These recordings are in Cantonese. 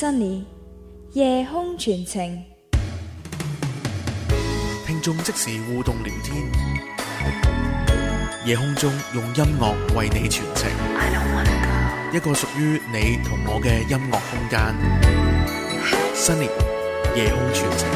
新年夜空傳情，聽眾即時互動聊天，夜空中用音樂為你傳情，一個屬於你同我嘅音樂空間。新年夜空傳情。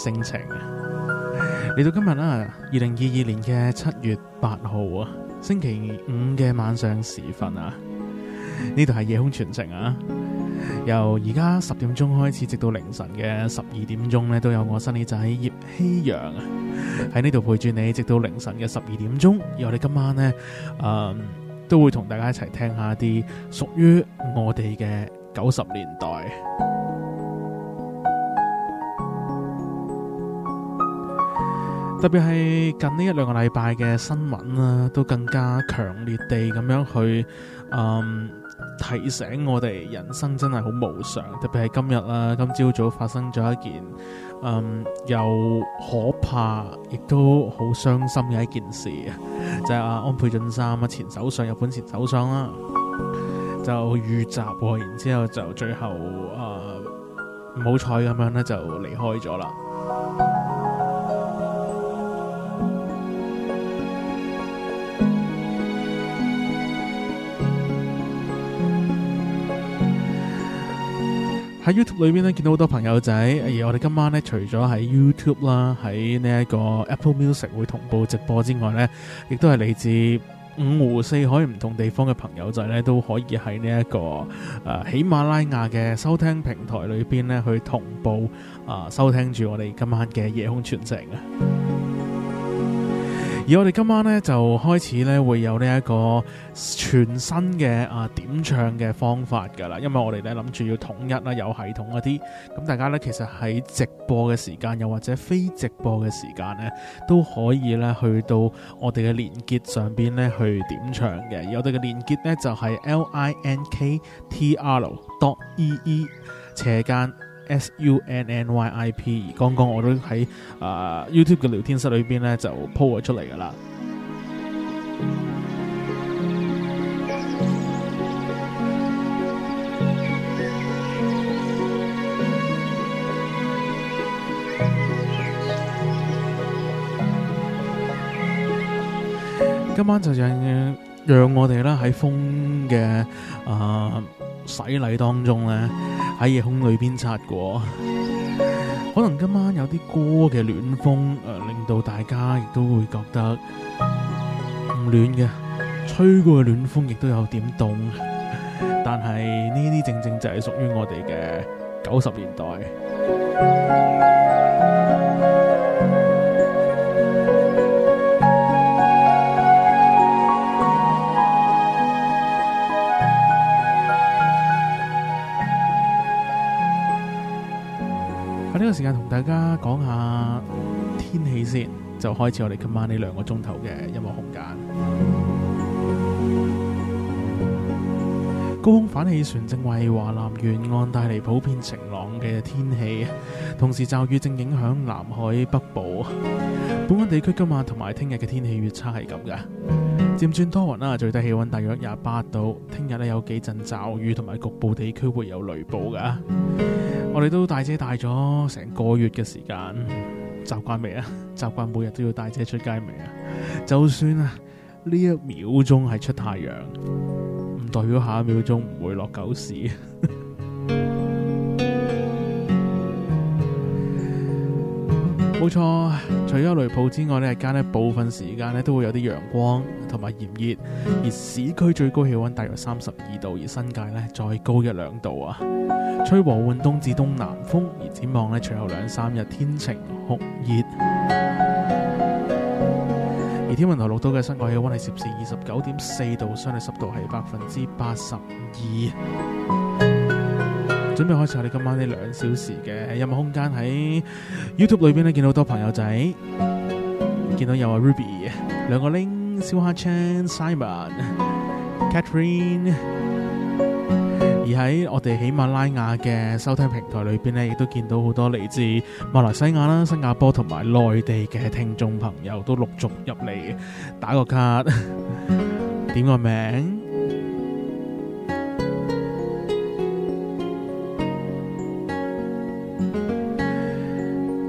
心情啊！嚟到今日啦，二零二二年嘅七月八號啊，星期五嘅晚上時分啊，呢度係夜空傳情啊，由而家十點鐘開始，直到凌晨嘅十二點鐘呢，都有我新耳仔葉希陽喺呢度陪住你，直到凌晨嘅十二點鐘。而我哋今晚呢，誒、嗯、都會同大家一齊聽一下啲屬於我哋嘅九十年代。特別係近呢一兩個禮拜嘅新聞啦、啊，都更加強烈地咁樣去，嗯，提醒我哋人生真係好無常。特別係今日啦、啊，今朝早發生咗一件，嗯，又可怕，亦都好傷心嘅一件事啊，就係、是、阿安倍晉三啊，前首相，日本前首相啦，就遇襲、啊，然之後就最後啊，唔好彩咁樣咧，就離開咗啦。喺 YouTube 裏邊咧見到好多朋友仔，而我哋今晚咧除咗喺 YouTube 啦，喺呢一個 Apple Music 會同步直播之外咧，亦都係嚟自五湖四海唔同地方嘅朋友仔咧，都可以喺呢一個誒、呃、喜馬拉雅嘅收聽平台裏邊咧去同步誒、呃、收聽住我哋今晚嘅夜空傳情啊！而我哋今晚咧就開始咧會有呢一個全新嘅啊點唱嘅方法㗎啦，因為我哋咧諗住要統一啦，有系統嗰啲，咁大家咧其實喺直播嘅時間，又或者非直播嘅時間咧，都可以咧去到我哋嘅連結上邊咧去點唱嘅。而我哋嘅連結咧就係 linktr.ee o 斜間。Sunnyip，而剛剛我都喺啊、呃、YouTube 嘅聊天室裏邊咧就 po 咗出嚟㗎喇。 今晚就讓，讓我哋啦，喺風嘅啊洗禮當中咧，喺夜空裏邊擦過。 可能今晚有啲歌嘅暖風，誒、呃、令到大家亦都會覺得唔、嗯、暖嘅，吹過嘅暖風亦都有點凍。 但係呢啲正正就係屬於我哋嘅九十年代。嗯呢個時間同大家講下天氣先，就開始我哋今晚呢兩個鐘頭嘅音樂空間。高空反氣旋正為華南沿岸帶嚟普遍晴朗嘅天氣，同時驟雨正影響南海北部。本港地區今晚同埋聽日嘅天氣預測係咁㗎。漸轉多雲啦，最低氣溫大約廿八度。聽日呢有幾陣驟雨，同埋局部地區會有雷暴㗎。我哋都帶遮帶咗成個月嘅時間，習慣未啊？習慣每日都要帶遮出街未啊？就算啊，呢一秒鐘係出太陽，唔代表下一秒鐘唔會落狗屎。 冇錯，除咗雷暴之外呢，日間咧，部分時間咧都會有啲陽光同埋炎熱，而市區最高氣溫大約三十二度，而新界呢再高一兩度啊！吹和緩東至東南風，而展望呢隨後兩三日天晴酷熱。而天文台錄到嘅室外氣溫係攝氏二十九點四度，相對濕度係百分之八十二。準備開始我哋今晚呢兩小時嘅音樂空間，喺 YouTube 裏邊咧，見到好多朋友仔，見到有阿 Ruby、兩個 ling、蕭夏青、Simon、Catherine，而喺我哋喜馬拉雅嘅收聽平台裏邊咧，亦都見到好多嚟自馬來西亞啦、新加坡同埋內地嘅聽眾朋友都陸續入嚟打個卡， 點個名。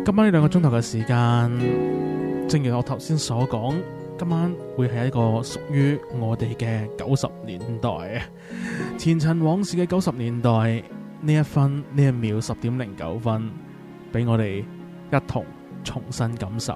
今晚呢兩個鐘頭嘅時間，正如我頭先所講，今晚會係一個屬於我哋嘅九十年代，前塵往事嘅九十年代，呢一分，呢一秒，十點零九分，俾我哋一同重新感受。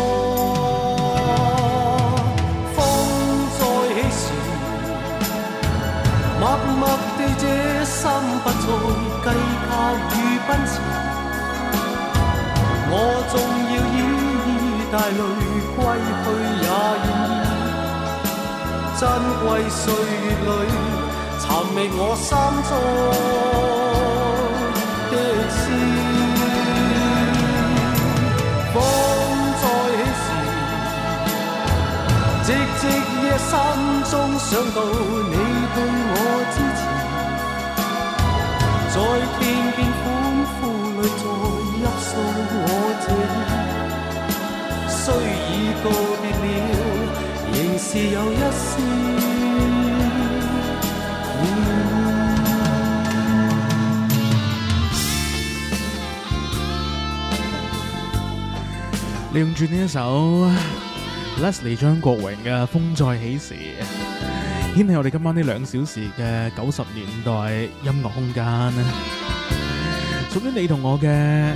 默默地，這心不再計較與奔馳。我縱要依依帶淚歸去也願意。珍貴歲月裏，尋覓我心中的詩。風再起時，寂寂夜深中想到你對。在天邊，歡呼裏，在泣訴我者雖已告別了，仍是有一絲暖意。嗯、利用住呢一首，Leslie 張國榮嘅《風再起時》。掀起我哋今晚呢兩小時嘅九十年代音樂空間，屬於你同我嘅，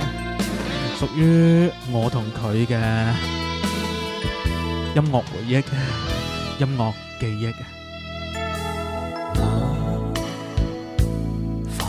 屬於我同佢嘅音樂回憶、音樂記憶。防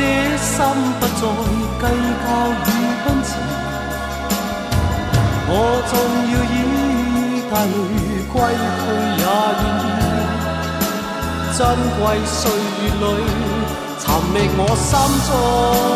這心不再計較與奔馳，我縱要依帶淚歸去也願意。珍貴歲月裏，尋覓我心中。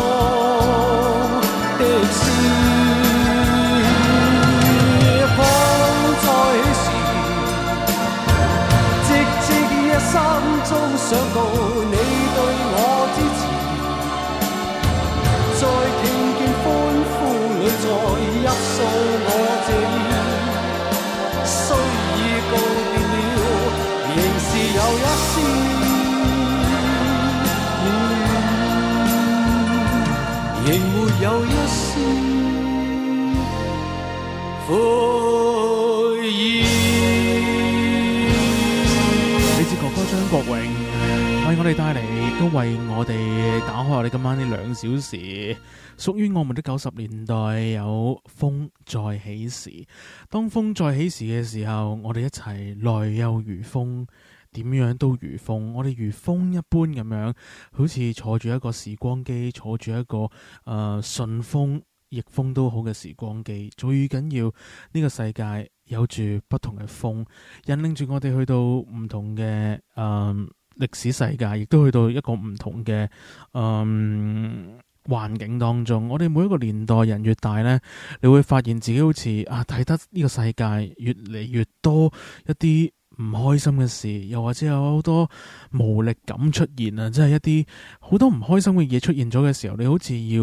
我哋帶嚟都為我哋打開，我哋今晚呢兩小時屬於我們的九十年代。有風再起時，當風再起時嘅時候，我哋一齊來又如風，點樣都如風。我哋如風一般咁樣，好似坐住一個時光機，坐住一個誒順、呃、風逆風都好嘅時光機。最緊要呢、這個世界有住不同嘅風，引領住我哋去到唔同嘅誒。呃歷史世界，亦都去到一個唔同嘅誒、嗯、環境當中。我哋每一個年代人越大呢，你會發現自己好似啊睇得呢個世界越嚟越多一啲唔開心嘅事，又或者有好多無力感出現啊！即係一啲好多唔開心嘅嘢出現咗嘅時候，你好似要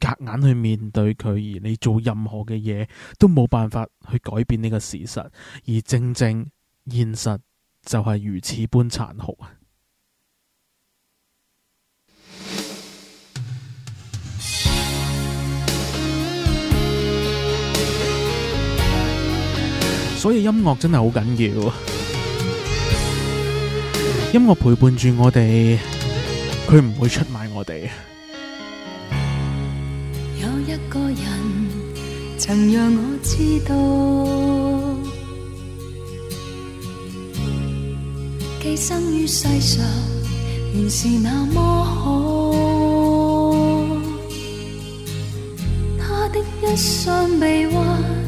夾硬去面對佢，而你做任何嘅嘢都冇辦法去改變呢個事實，而正正現實就係如此般殘酷啊！所以音樂真係好緊要，音樂陪伴住我哋，佢唔會出賣我哋。有一個人曾讓我知道，寄生於世上原是那麼好，他的一雙臂彎。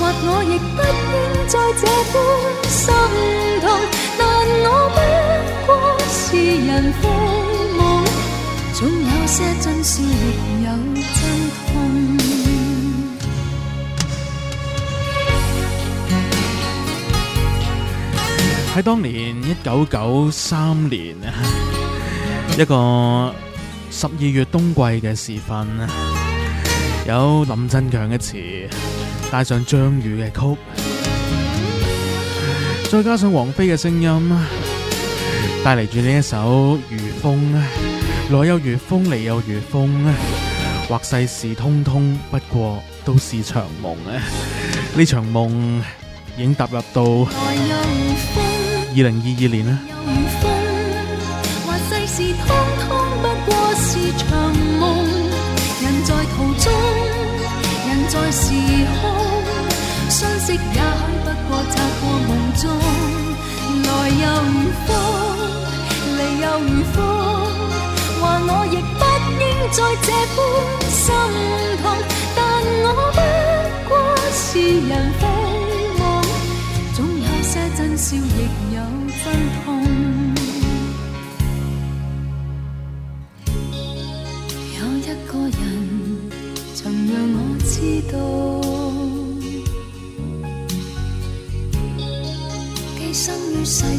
或我亦不應再這般心痛，但我不過是人非夢，總有些真心亦有真痛。喺當年一九九三年， 一個十二月冬季嘅時分。 有林振強嘅詞，帶上張宇嘅曲，再加上王菲嘅聲音，帶嚟住呢一首如風，來又如風，嚟又如風，或世事通通不過都是長夢啊！呢場夢已經踏入到二零二二年啦。時空相識，也許不過擦過夢中。來又如風，離又如風。話我亦不應再這般心痛，但我不過是人非夢，總有些真笑，亦有真痛。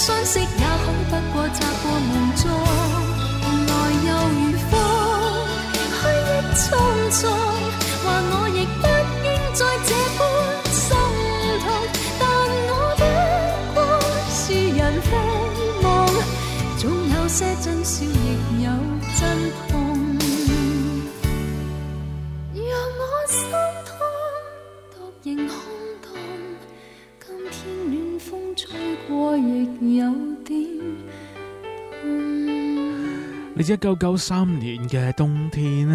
相識也恐不過，擦過夢中。 一九九三年嘅冬天，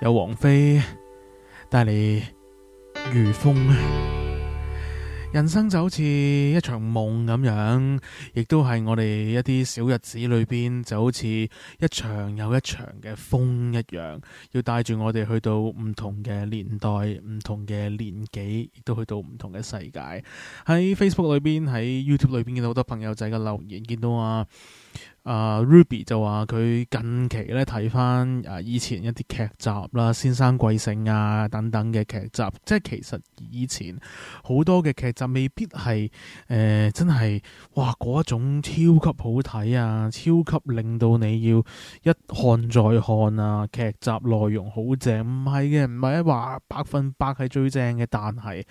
有王菲帶你如風。 人生就好似一場夢咁樣，亦都係我哋一啲小日子裏邊，就好似一場又一場嘅風一樣，要帶住我哋去到唔同嘅年代、唔同嘅年紀，亦都去到唔同嘅世界。喺 Facebook 裏邊、喺 YouTube 裏邊見到好多朋友仔嘅留言，見到啊。Ruby 就話佢近期咧睇翻啊，以前一啲劇集啦，《先生貴姓》啊等等嘅劇集，即係其實以前好多嘅劇集未必係誒、呃、真係哇嗰種超級好睇啊，超級令到你要一看再看啊。劇集內容好正，唔係嘅，唔係話百分百係最正嘅。但係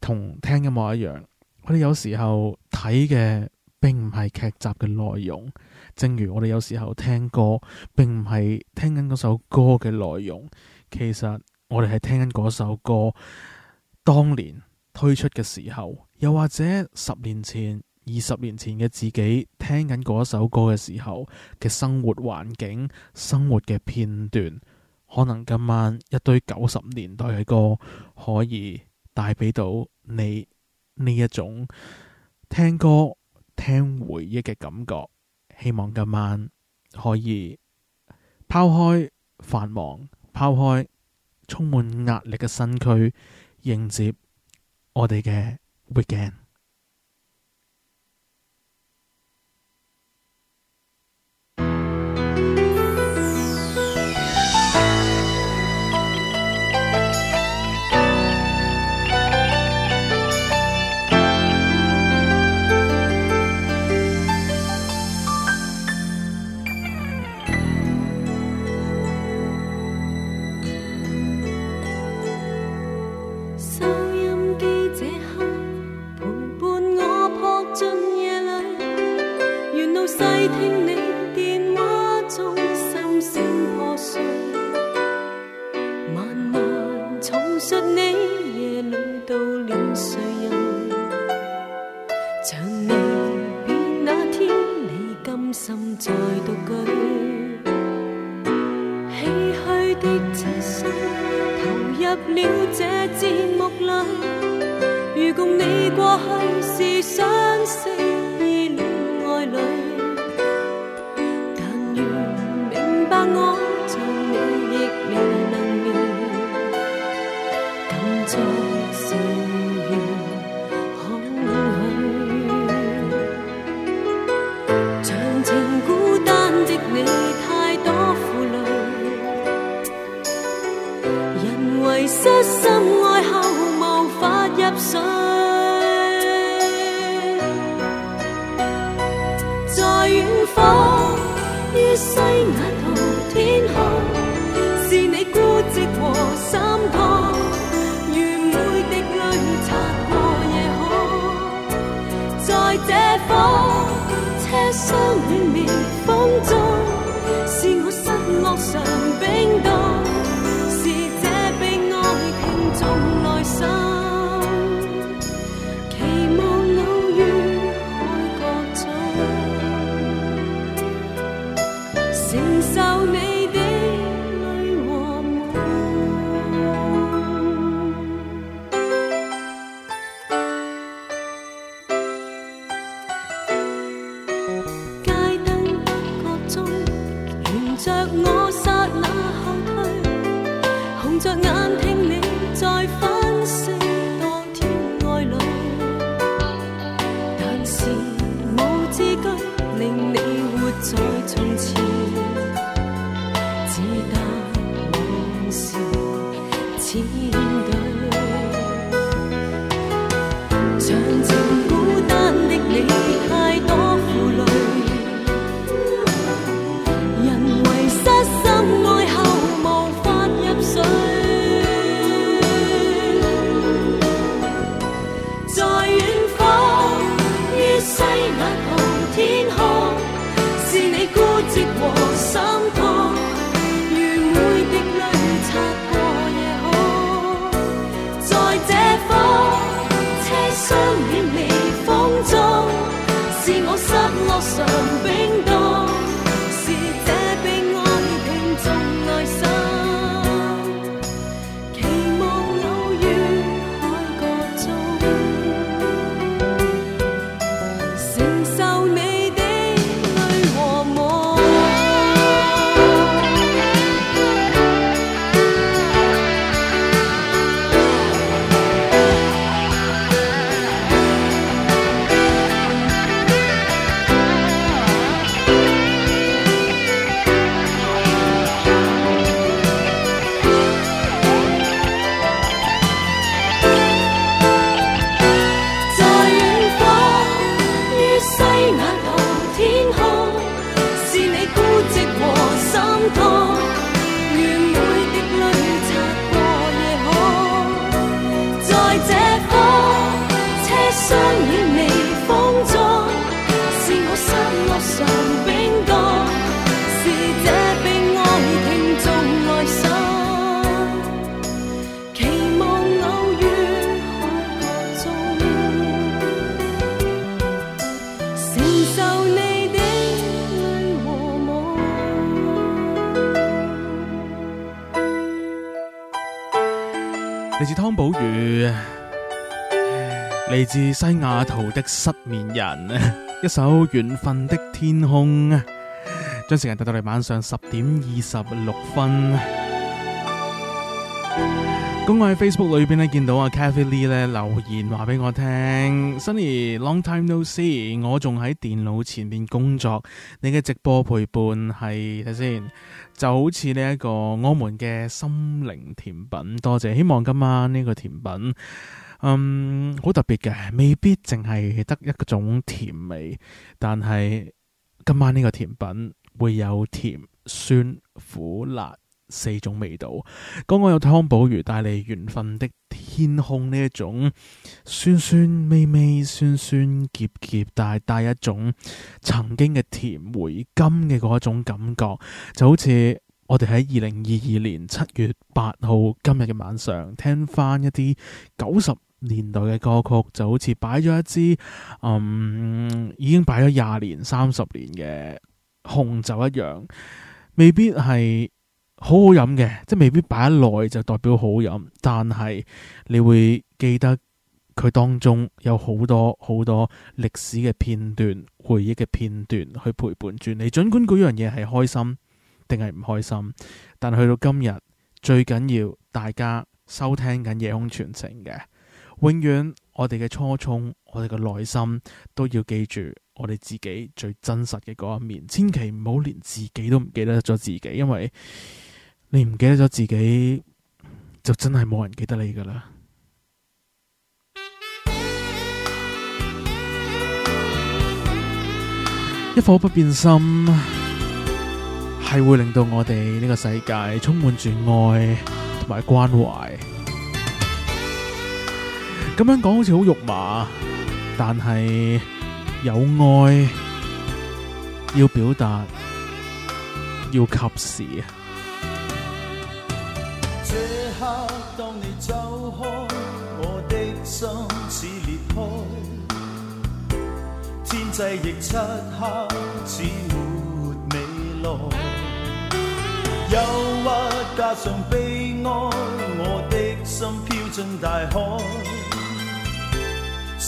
同聽音樂一樣，我哋有時候睇嘅並唔係劇集嘅內容。正如我哋有時候聽歌，並唔係聽緊嗰首歌嘅內容，其實我哋係聽緊嗰首歌當年推出嘅時候，又或者十年前，二十年前嘅自己聽緊嗰首歌嘅時候嘅生活環境、生活嘅片段，可能今晚一堆九十年代嘅歌可以帶畀到你呢一種聽歌聽回憶嘅感覺。希望今晚可以拋開繁忙，拋開充滿壓力嘅身軀，迎接我哋嘅 Weekend。再獨居，唏噓的車廂，投入了這節目裡，如共你過去是相識。西雅圖天空。 自《西雅圖的失眠人，》 一首《緣分的天空》，將時間帶到嚟晚上十點二十六分。咁 我喺 Facebook 裏邊呢，見到阿 Cathy Lee 呢留言話俾我聽，Sunny，long time no see，我仲喺電腦前面工作，你嘅直播陪伴係睇先，就好似呢一個我們嘅心靈甜品，多謝，希望今晚呢個甜品。嗯，好、um, 特別嘅，未必淨係得一種甜味，但係今晚呢個甜品會有甜、酸、苦、辣四種味道。剛剛有湯寶如帶嚟緣分的天空呢一種酸酸微微、酸酸澀澀,澀，但係帶一種曾經嘅甜回甘嘅嗰種感覺，就好似我哋喺二零二二年七月八號今日嘅晚上聽翻一啲九十。年代嘅歌曲，就好似擺咗一支，嗯，已經擺咗廿年、三十年嘅紅酒一樣，未必係好好飲嘅，即係未必擺得耐就代表好飲。但係你會記得佢當中有好多好多歷史嘅片段、回憶嘅片段去陪伴住你。盡管嗰樣嘢係開心定係唔開心，但係去到今日最緊要，大家收聽緊夜空全承嘅。永遠，我哋嘅初衷，我哋嘅內心都要記住我哋自己最真實嘅嗰一面，千祈唔好連自己都唔記得咗自己，因為你唔記得咗自己，就真係冇人記得你噶啦。 一顆不變心，係會令到我哋呢個世界充滿住愛同埋關懷。咁樣講好似好肉麻，但係有愛要表達，要及時。這刻當你走開，我的心似裂開，天際亦漆黑，似沒未來。憂鬱加上悲哀，我的心飄進大海。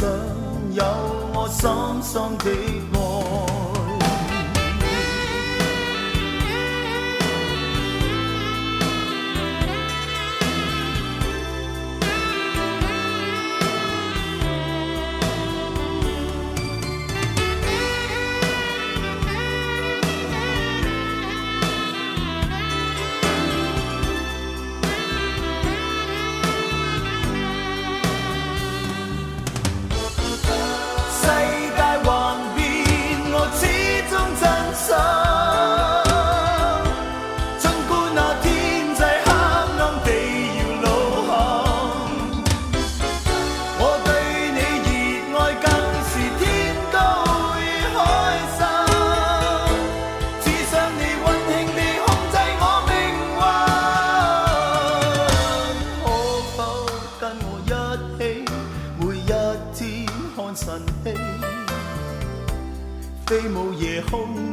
想有我深深的愛。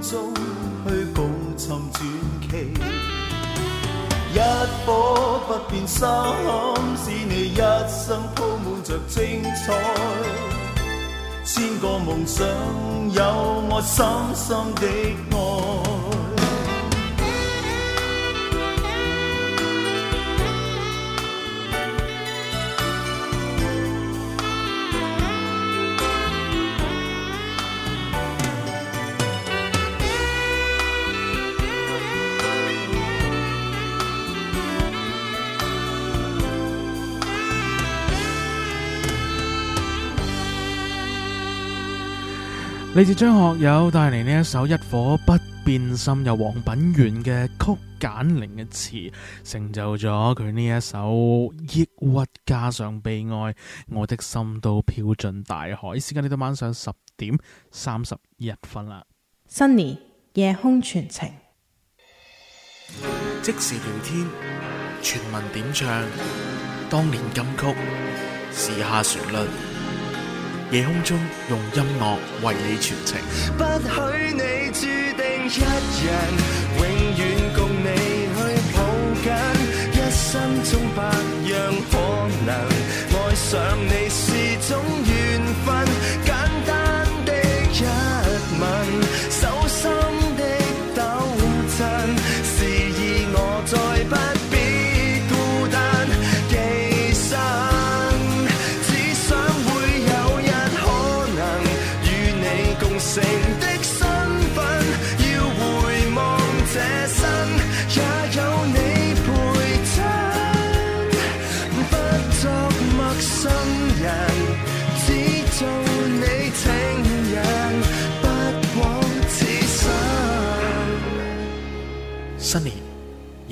中去共尋傳奇， 一顆不變心，使你一生鋪滿着精彩。千個夢想，有我深深的愛。嚟自張學友，帶嚟呢一首一顆不變心，又黃品源嘅曲，簡寧嘅詞，成就咗佢呢一首抑鬱加上悲哀，我的心都飄進大海。時間呢度晚上十點三十一分啦，新年夜空傳情，即時聊天，全民點唱，當年金曲，時下旋律。夜空中用音樂為你傳情，不許你注定一人，永遠共你去抱緊，一生中百樣可能，愛上你是種。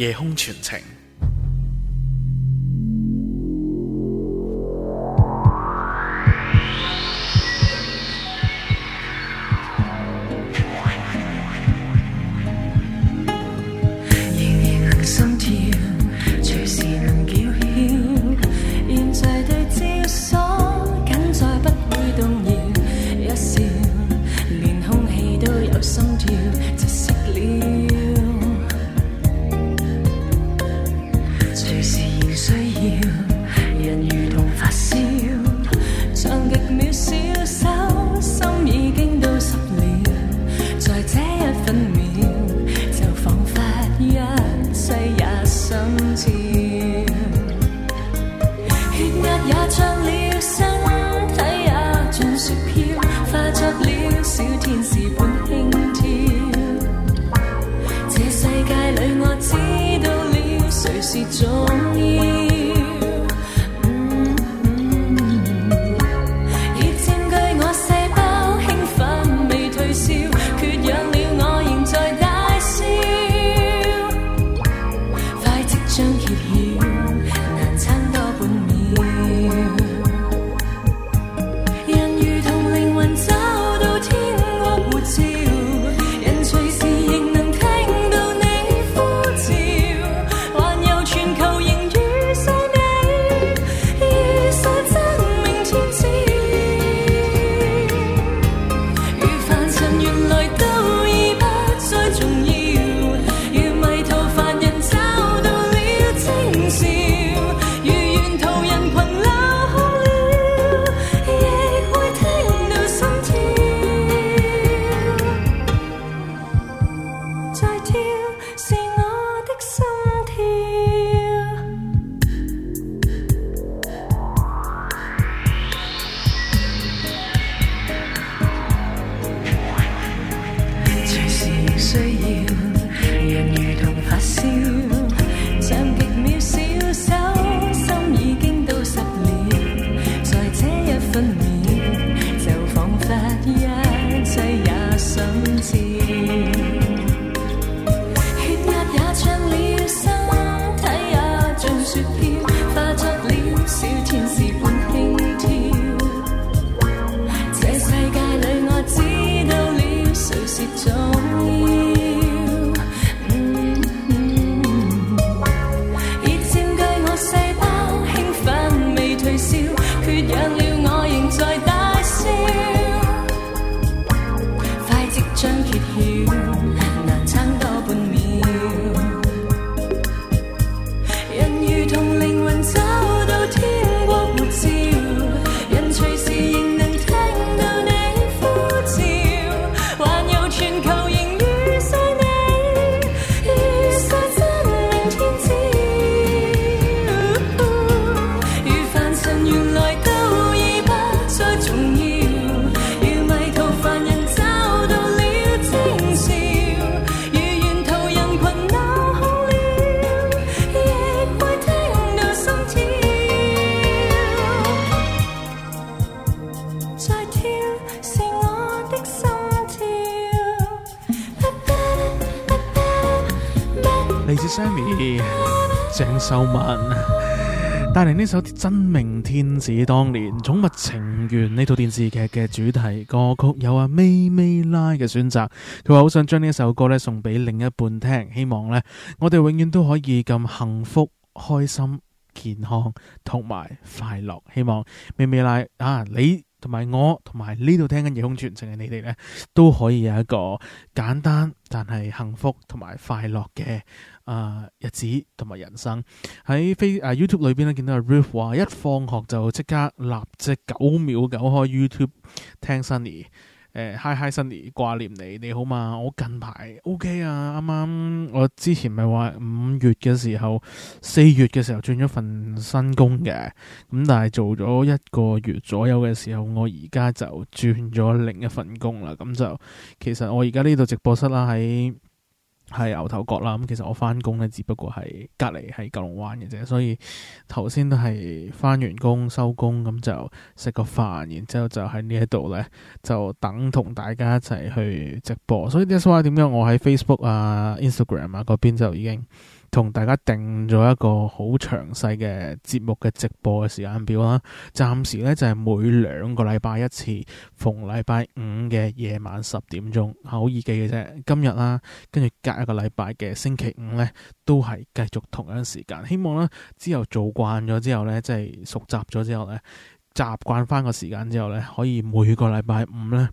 夜空傳情。鄭秀文帶嚟呢首《真命天子》，當年《寵物情緣》呢套電視劇嘅主題歌曲，有阿咪咪拉嘅選擇。佢話好想將呢首歌咧送俾另一半聽，希望呢，我哋永遠都可以咁幸福、開心、健康同埋快樂。希望咪咪拉啊，你。同埋我，同埋呢度聽緊《夜空傳情》嘅你哋咧，都可以有一個簡單但係幸福同埋快樂嘅啊、呃、日子同埋人生。喺飛啊 YouTube 裏邊咧，見到阿 Ralph 話一放學就即刻立即九秒九開 YouTube 聽 Sunny。誒，Hi，Hi 新年掛念你，你好嘛？我近排 OK 啊，啱啱我之前咪話五月嘅時候，四月嘅時候轉咗份新工嘅，咁但係做咗一個月左右嘅時候，我而家就轉咗另一份工啦。咁就其實我而家呢度直播室啦、啊，喺。係牛頭角啦，咁其實我翻工，咧只不過係隔籬喺九龍灣嘅啫，所以頭先都係翻完工收工咁就食個飯，然之後就喺呢一度咧就等同大家一齊去直播，所以呢一話點解我喺 Facebook 啊、Instagram 啊嗰邊就已經。同大家定咗一個好詳細嘅節目嘅直播嘅時間表啦。暫時咧就係、是、每兩個禮拜一次，逢禮拜五嘅夜晚十點鐘，好易記嘅啫。今日啦，跟住隔一個禮拜嘅星期五咧，都係繼續同樣時間。希望咧之後做慣咗之後咧，即係熟習咗之後咧，習慣翻個時間之後咧，可以每個禮拜五咧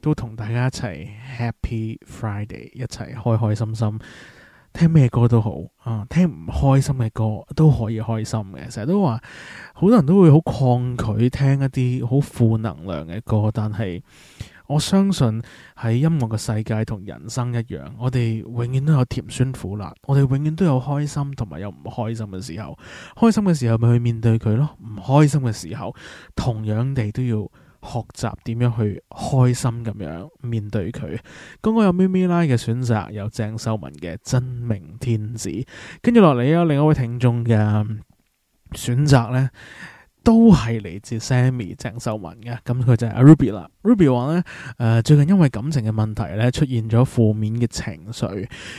都同大家一齊 Happy Friday，一齊開開心心。聽咩歌都好啊，嗯，聽唔開心嘅歌都可以開心嘅。成日都話，好多人都會好抗拒聽一啲好負能量嘅歌，但係我相信喺音樂嘅世界同人生一樣，我哋永遠都有甜酸苦辣，我哋永遠都有開心同埋有唔開心嘅時候。開心嘅時候咪去面對佢咯，唔開心嘅時候同樣地都要。學習點樣去開心咁樣面對佢，剛剛有咪咪拉嘅選擇，有鄭秀文嘅真命天子，跟住落嚟啊另一位聽眾嘅選擇咧，都係嚟自 Sammy 鄭秀文嘅，咁佢就係阿 Ruby 啦。Ruby 話咧，誒、呃，最近因為感情嘅問題咧，出現咗負面嘅情緒。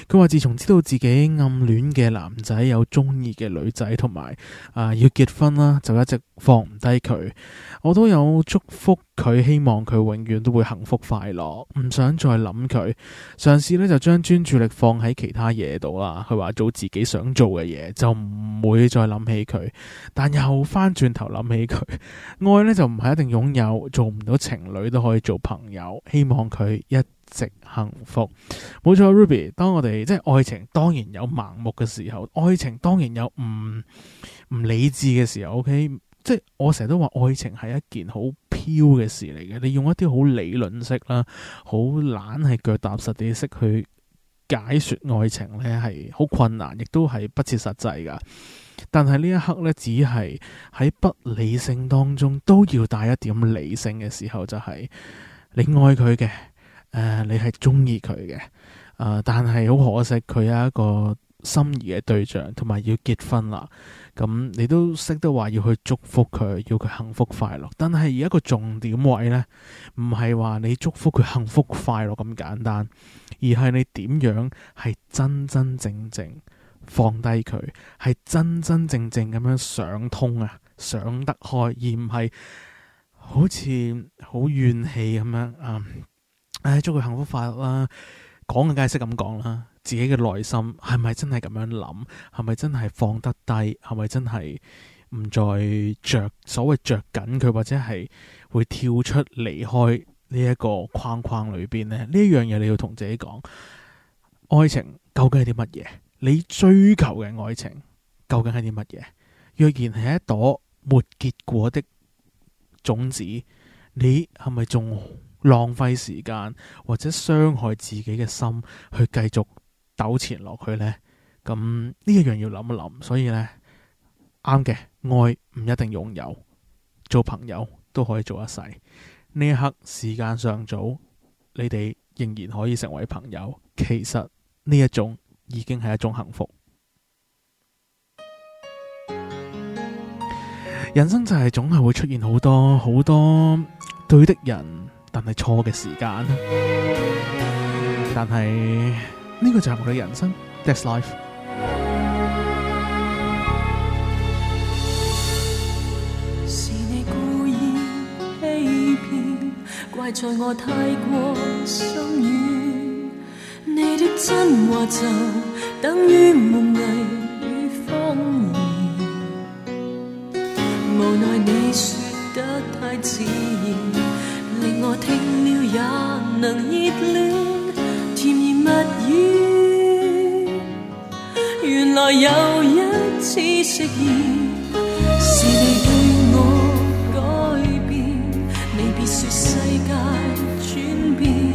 佢話自從知道自己暗戀嘅男仔有中意嘅女仔，同埋啊要結婚啦，就一直放唔低佢。我都有祝福佢，希望佢永遠都會幸福快樂，唔想再諗佢。嘗試呢就將專注力放喺其他嘢度啦。佢話做自己想做嘅嘢，就唔會再諗起佢。但又翻轉頭諗起佢，愛呢就唔係一定擁有，做唔到情侶。都可以做朋友，希望佢一直幸福。冇錯，Ruby。當我哋即係愛情，當然有盲目嘅時候，愛情當然有唔唔理智嘅時候。OK，即係我成日都話，愛情係一件好飄嘅事嚟嘅。你用一啲好理論式啦，好懶係腳踏實地式去解說愛情咧，係好困難，亦都係不切實際噶。但係呢一刻呢只係喺不理性當中都要帶一點理性嘅時候，就是，就係你愛佢嘅，誒、呃,你係中意佢嘅，誒、呃,但係好可惜，佢有一個心儀嘅對象，同埋要結婚啦。咁、嗯、你都識得話要去祝福佢，要佢幸福快樂。但係而一個重點位呢，唔係話你祝福佢幸福快樂咁簡單，而係你點樣係真真正正，正。放低佢，係真真正正咁樣想通啊，想得開，而唔係好似好怨氣咁樣啊！唉，祝佢幸福快樂啦、啊。講嘅解釋咁講啦，自己嘅內心係咪真係咁樣諗？係咪真係放得低？係咪真係唔再着？所謂着緊佢，或者係會跳出離開呢一個框框裏邊呢？呢一樣嘢你要同自己講，愛情究竟係啲乜嘢？你追求嘅愛情究竟係啲乜嘢？若然係一朵沒結果的種子，你係咪仲浪費時間或者傷害自己嘅心去繼續糾纏落去呢？咁呢一樣要諗一諗。所以呢，啱嘅愛唔一定擁有，做朋友都可以做一世。呢一刻時間尚早，你哋仍然可以成為朋友。其實呢一種。已經係一種幸福。人生就係總係會出現好多好多對的人，但係錯嘅時間但。但係呢個就係我嘅人生，That's life 是你故意欺騙，怪在我太過心軟。你的真話就等於夢囈與謊言，無奈你説得太自然，令我聽了也能熱戀。甜言蜜語，原來又一次食言，是你對我改變，你別説世界轉變。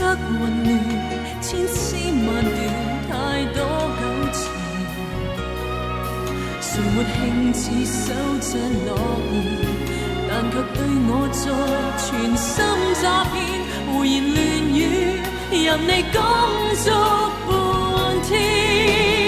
得混亂，千絲萬段太多舊情。誰沒興致守着諾言，但卻對我再全心詐騙，胡言亂語，任你講足半天。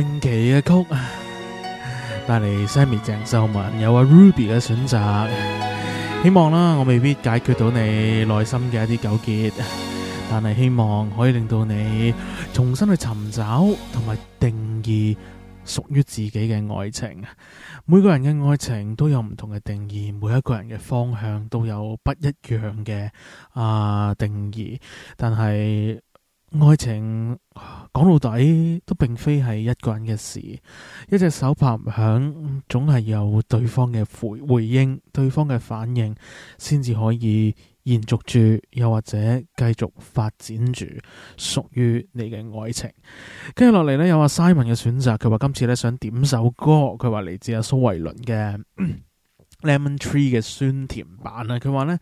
永琪嘅曲帶嚟，Sammi、鄭秀文有阿 Ruby 嘅選擇，希望啦，我未必解決到你內心嘅一啲糾結，但係希望可以令到你重新去尋找同埋定義屬於自己嘅愛情。每個人嘅愛情都有唔同嘅定義，每一個人嘅方向都有不一樣嘅啊定義，但係愛情。講到底都並非係一個人嘅事，一隻手拍唔響，總係有對方嘅回回應，對方嘅反應，先至可以延續住，又或者繼續發展住屬於你嘅愛情。跟住落嚟呢，有阿 Simon 嘅選擇，佢話今次呢，想點首歌，佢話嚟自阿、啊、蘇慧倫嘅。 Lemon Tree 嘅酸甜版啊！佢話呢，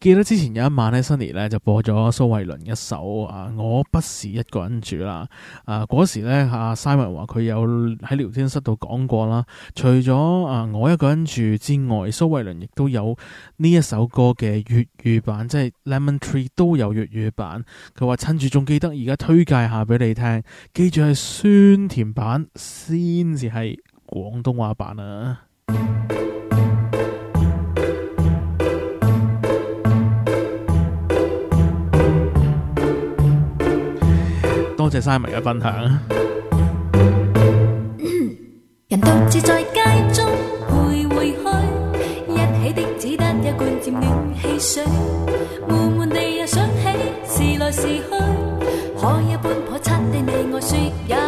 記得之前有一晚咧，Sunny 呢就播咗蘇慧倫一首啊，我不是一個人住啦。啊，嗰時呢阿、啊、Simon 話佢有喺聊天室度講過啦。除咗啊，我一個人住之外，蘇慧倫亦都有呢一首歌嘅粵語版，即係 Lemon Tree 都有粵語版。佢話趁住仲記得而家推介下俾你聽，記住係酸甜版先至係廣東話版啊！ 多謝晒文嘅分享。人獨自在街中徘徊去，一起的只得一罐漸暖汽水，悶悶地又想起，時來時去，可一般，你我說也。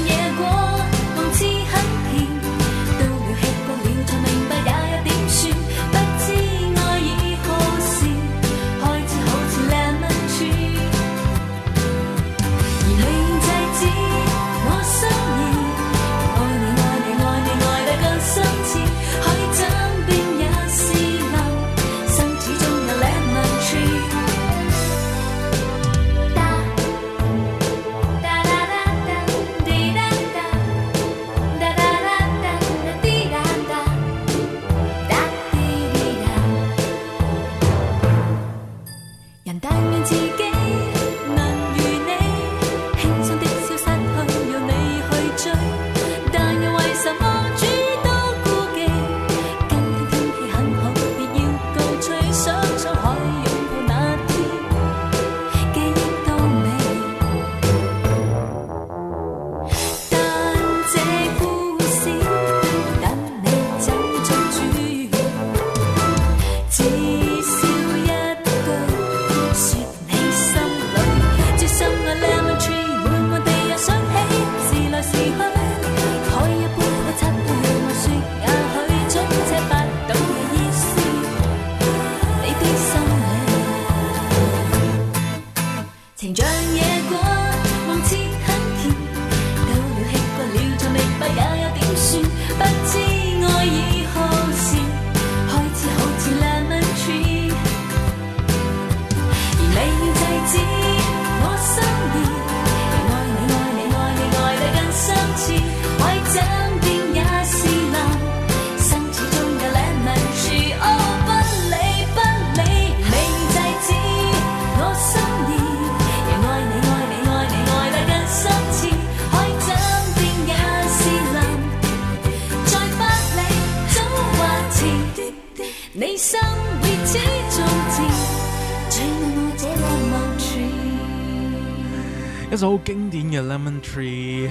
去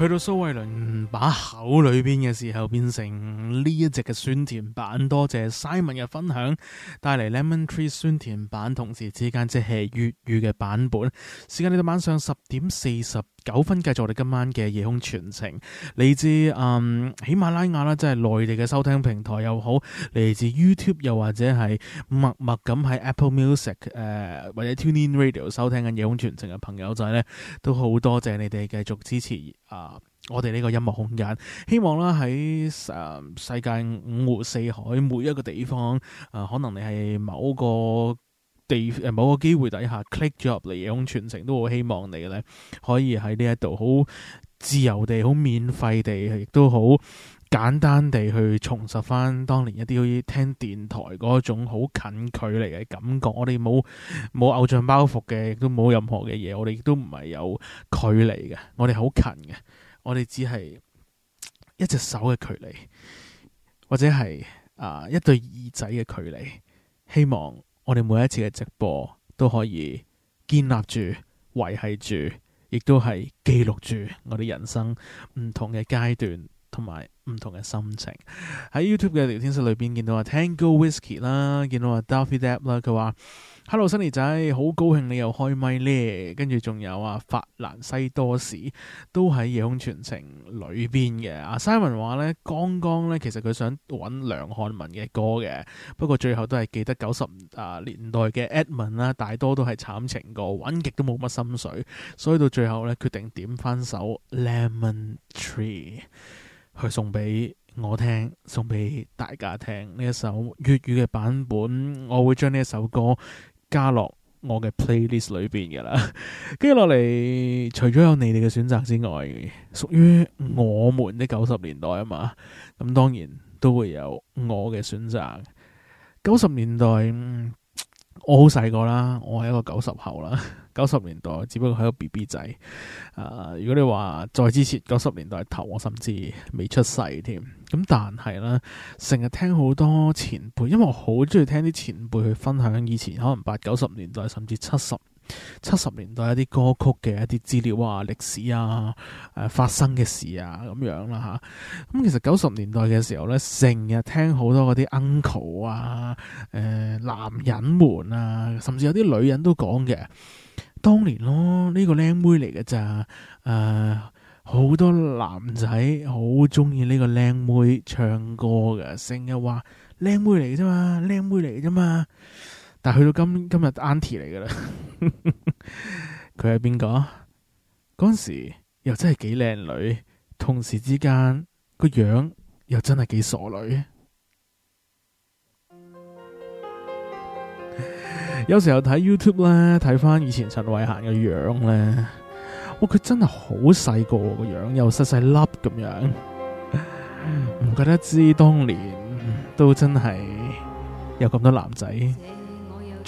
到蘇慧倫把口裏邊嘅時候，變成。呢一隻嘅酸甜版，多謝 Simon 嘅分享，帶嚟 Lemon Tree 酸甜版，同時之間即係粵語嘅版本。時間嚟到晚上十點四十九分，繼續我哋今晚嘅夜空傳情。嚟自嗯喜馬拉雅啦，即係內地嘅收聽平台又好，嚟自 YouTube 又或者係默默咁喺 Apple Music 誒、呃、或者 TuneIn Radio 收聽緊夜空傳情嘅朋友仔咧，都好多謝你哋繼續支持啊！呃我哋呢個音樂空間，希望啦，喺世界五湖四海每一個地方誒、呃，可能你係某個地誒某個機會底下 click 咗入嚟，野翁全程都好希望你咧可以喺呢一度好自由地、好免費地，亦都好簡單地去重拾翻當年一啲好似聽電台嗰種好近距離嘅感覺。我哋冇冇偶像包袱嘅，亦都冇任何嘅嘢，我哋亦都唔係有距離嘅，我哋好近嘅。我哋只係一隻手嘅距離，或者係啊、呃、一對耳仔嘅距離。希望我哋每一次嘅直播都可以建立住、維繫住，亦都係記錄住我哋人生唔同嘅階段同埋唔同嘅心情。喺 YouTube 嘅聊天室裏邊見到阿 Tango Whiskey 啦，見到阿 Daffy Depp 啦，佢話。Hello，Sunny 仔，好高興你又開咪呢。跟住仲有啊，法蘭西多士都喺夜空傳情裏邊嘅。阿 Simon 話呢，剛剛呢，其實佢想揾梁漢文嘅歌嘅，不過最後都係記得九十啊年代嘅 Edmond 啦，大多都係慘情歌，揾極都冇乜心水，所以到最後呢，決定點翻首《Lemon Tree》去送俾我聽，送俾大家聽呢一首粵語嘅版本。我會將呢一首歌。加落我嘅 playlist 裏邊嘅啦，跟住落嚟，除咗有你哋嘅選擇之外，屬於我們的九十年代啊嘛，咁當然都會有我嘅選擇。九十年代。嗯我好細個啦，我係一個九十後啦，九 十年代，只不過係一個 BB 仔，呃，如果你話再之前九十年代頭，我甚至未出世添。咁但係呢，成日聽好多前輩，因為我好中意聽啲前輩去分享以前，可能八九十年代，甚至七十。七十年代一啲歌曲嘅一啲資料啊、歷史啊、誒、呃、發生嘅事啊咁樣啦吓、啊，咁、嗯、其實九十年代嘅時候呢，成日聽好多嗰啲 uncle 啊、誒、呃、男人們啊，甚至有啲女人都講嘅，當年咯呢、呢個靚妹嚟嘅咋，誒、呃、好多男仔好中意呢個靚妹唱歌嘅，成日話靚妹嚟嘅咋嘛，靚妹嚟嘅咋嘛。但係去到今今日 auntie 嚟噶啦，佢係邊個？嗰陣時又真係幾靚女，同時之間個樣又真係幾傻女。有時候睇 YouTube 咧，睇翻以前陳慧嫻嘅樣咧，哇！佢真係好細個個樣，又細細粒咁樣，唔覺得知當年都真係有咁多男仔。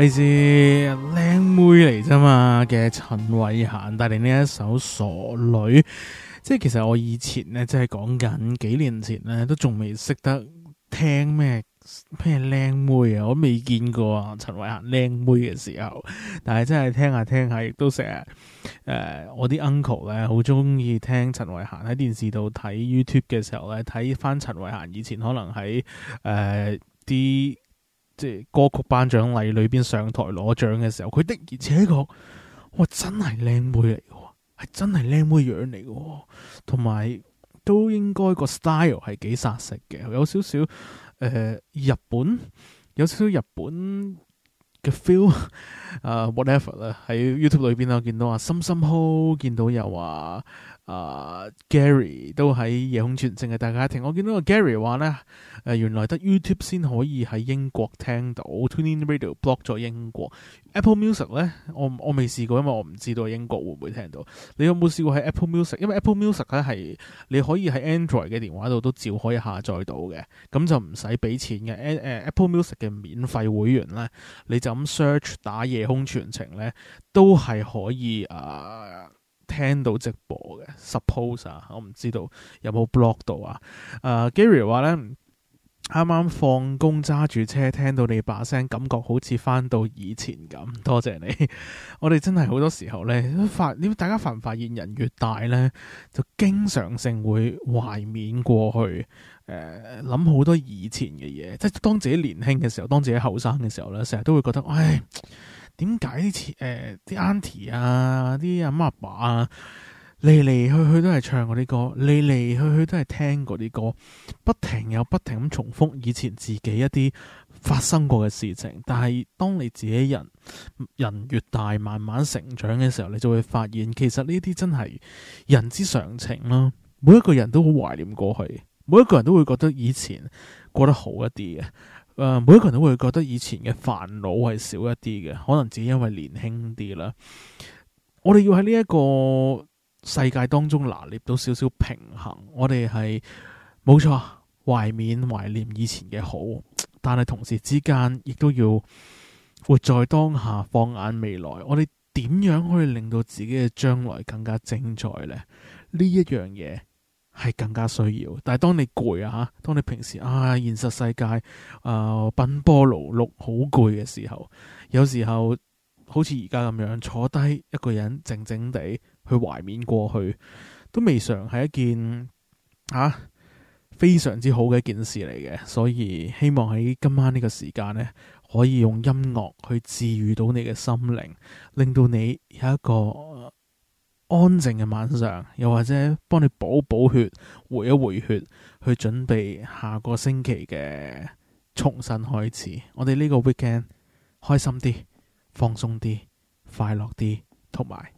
你是靚妹嚟啫嘛？嘅陳慧嫻帶嚟呢一首《傻女》，即係其實我以前咧，即係講緊幾年前咧，都仲未識得聽咩咩靚妹啊！我未見過陳慧嫻靚妹嘅時候，但係真係聽下聽下，亦都成日誒，我啲 uncle 咧好中意聽陳慧嫻喺電視度睇 YouTube 嘅時候咧，睇翻陳慧嫻以前可能喺誒啲。呃即係歌曲頒獎禮裏邊上台攞獎嘅時候，佢的而且確，哇真係靚妹嚟嘅，係真係靚妹樣嚟嘅，同埋都應該個 style 係幾殺食嘅，有少少誒、呃、日本，有少少日本嘅 feel，啊、uh, whatever 啦，喺 YouTube 裏邊我見到啊深深號，見到有啊啊 Gary 都喺夜空傳情嘅大家庭，我見到個 Gary 話呢。誒原來得 YouTube 先可以喺英國聽到，TuneIn Radio block 咗英國，Apple Music 咧，我我未試過，因為我唔知道英國會唔會聽到。你有冇試過喺 Apple Music？因為 Apple Music 咧係你可以喺 Android 嘅電話度都照可以下載到嘅，咁就唔使俾錢嘅。A, A, Apple Music 嘅免費會員咧，你就咁 search 打夜空全程咧，都係可以誒、uh, 聽到直播嘅。Suppose 啊，我唔知道有冇 block 到啊。誒、uh, Gary 話咧。啱啱放工揸住車，聽到你把聲，感覺好似翻到以前咁。多謝你， 我哋真係好多時候呢，發點大家發唔發現，人越大呢，就經常性會懷念過去，誒諗好多以前嘅嘢。即係當自己年輕嘅時候，當自己後生嘅時候呢，成日都會覺得，唉、哎，點解以前誒啲 auntie 啊，啲阿媽阿爸啊？嚟嚟去去都係唱嗰啲歌，嚟嚟去去都係聽嗰啲歌，不停又不停咁重複以前自己一啲發生過嘅事情。但係當你自己人人越大，慢慢成長嘅時候，你就會發現，其實呢啲真係人之常情啦。每一個人都好懷念過去，每一個人都會覺得以前過得好一啲嘅。誒、呃，每一個人都會覺得以前嘅煩惱係少一啲嘅，可能只因為年輕啲啦。我哋要喺呢一個。世界當中拿捏到少少平衡，我哋係冇錯，懷緬懷念以前嘅好，但係同時之間亦都要活在當下，放眼未來。我哋點樣可以令到自己嘅將來更加精彩呢？呢一樣嘢係更加需要。但係當你攰啊吓，當你平時啊現實世界啊呃、奔波勞碌好攰嘅時候，有時候好似而家咁樣坐低一個人靜靜地。去懷緬過去都未嘗係一件吓、啊、非常之好嘅一件事嚟嘅，所以希望喺今晚呢個時間呢，可以用音樂去治愈到你嘅心靈，令到你有一個安靜嘅晚上，又或者幫你補補血、回一回血，去準備下個星期嘅重新開始。我哋呢個 weekend 開心啲、放鬆啲、快樂啲，同埋。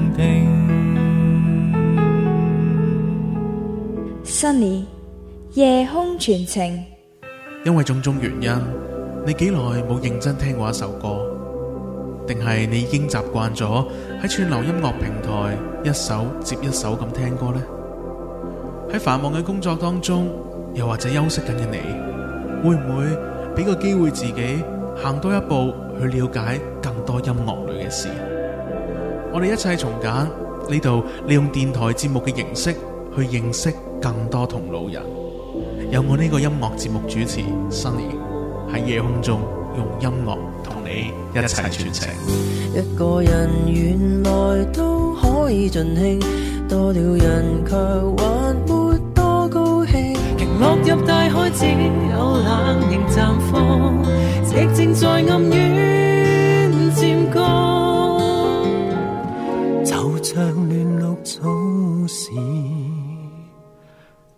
Sunny 夜空傳情，因為種種原因，你幾耐冇認真聽過一首歌？定係你已經習慣咗喺串流音樂平台一首接一首咁聽歌咧？喺繁忙嘅工作當中，又或者休息緊嘅你，會唔會俾個機會自己行多一步去了解更多音樂類嘅事？我哋一切從簡，呢度，利用電台節目嘅形式。去認識更多同路人，有我呢個音樂節目主持，Sunny 喺夜空中用音樂同你一齊傳情。一個人原來都可以盡興，多了人卻還沒多高興。極落入大海，只有冷凝綻放，寂靜在暗處漸高，就像亂綠草時。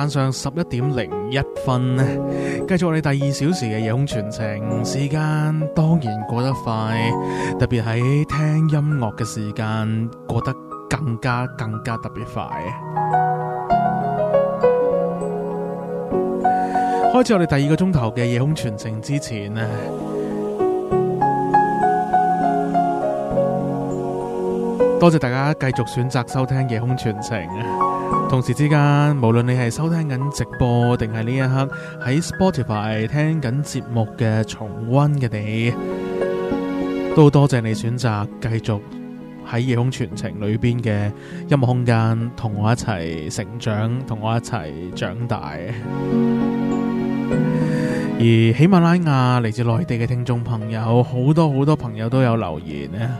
晚上十一點零一分咧，繼續我哋第二小時嘅夜空傳情。時間當然過得快，特別喺聽音樂嘅時間過得更加更加特別快。開始我哋第二個鐘頭嘅夜空傳情之前咧，多謝大家繼續選擇收聽夜空傳情。同時之間，無論你係收聽緊直播定係呢一刻喺 Spotify 聽緊節目嘅重溫嘅你，都多謝你選擇繼續喺夜空傳情裏邊嘅音樂空間，同我一齊成長，同我一齊長大。而喜馬拉雅嚟自內地嘅聽眾朋友，好多好多朋友都有留言咧，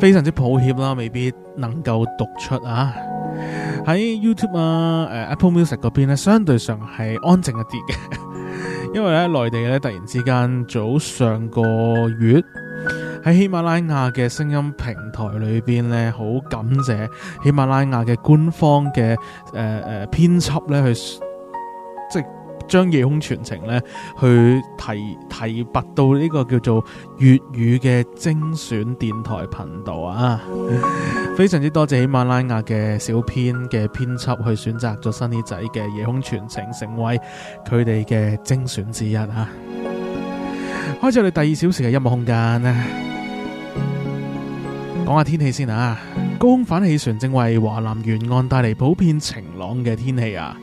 非常之抱歉啦，未必能夠讀出啊。喺 YouTube 啊，誒、啊、Apple Music 嗰邊咧，相對上係安靜一啲嘅，因為咧內地咧突然之間，早上個月喺喜馬拉雅嘅聲音平台裏邊咧，好感謝喜馬拉雅嘅官方嘅誒誒編輯咧去。將夜空傳情咧，去提提拔到呢個叫做粵語嘅精選電台頻道啊！非常之多謝喜馬拉雅嘅小編嘅編輯去選擇咗 Sunny 仔嘅夜空傳情，成為佢哋嘅精選之一啊！開始我哋第二小時嘅音樂空間咧、啊，講下天氣先啊！高空反氣旋正為華南沿岸帶嚟普遍晴朗嘅天氣啊！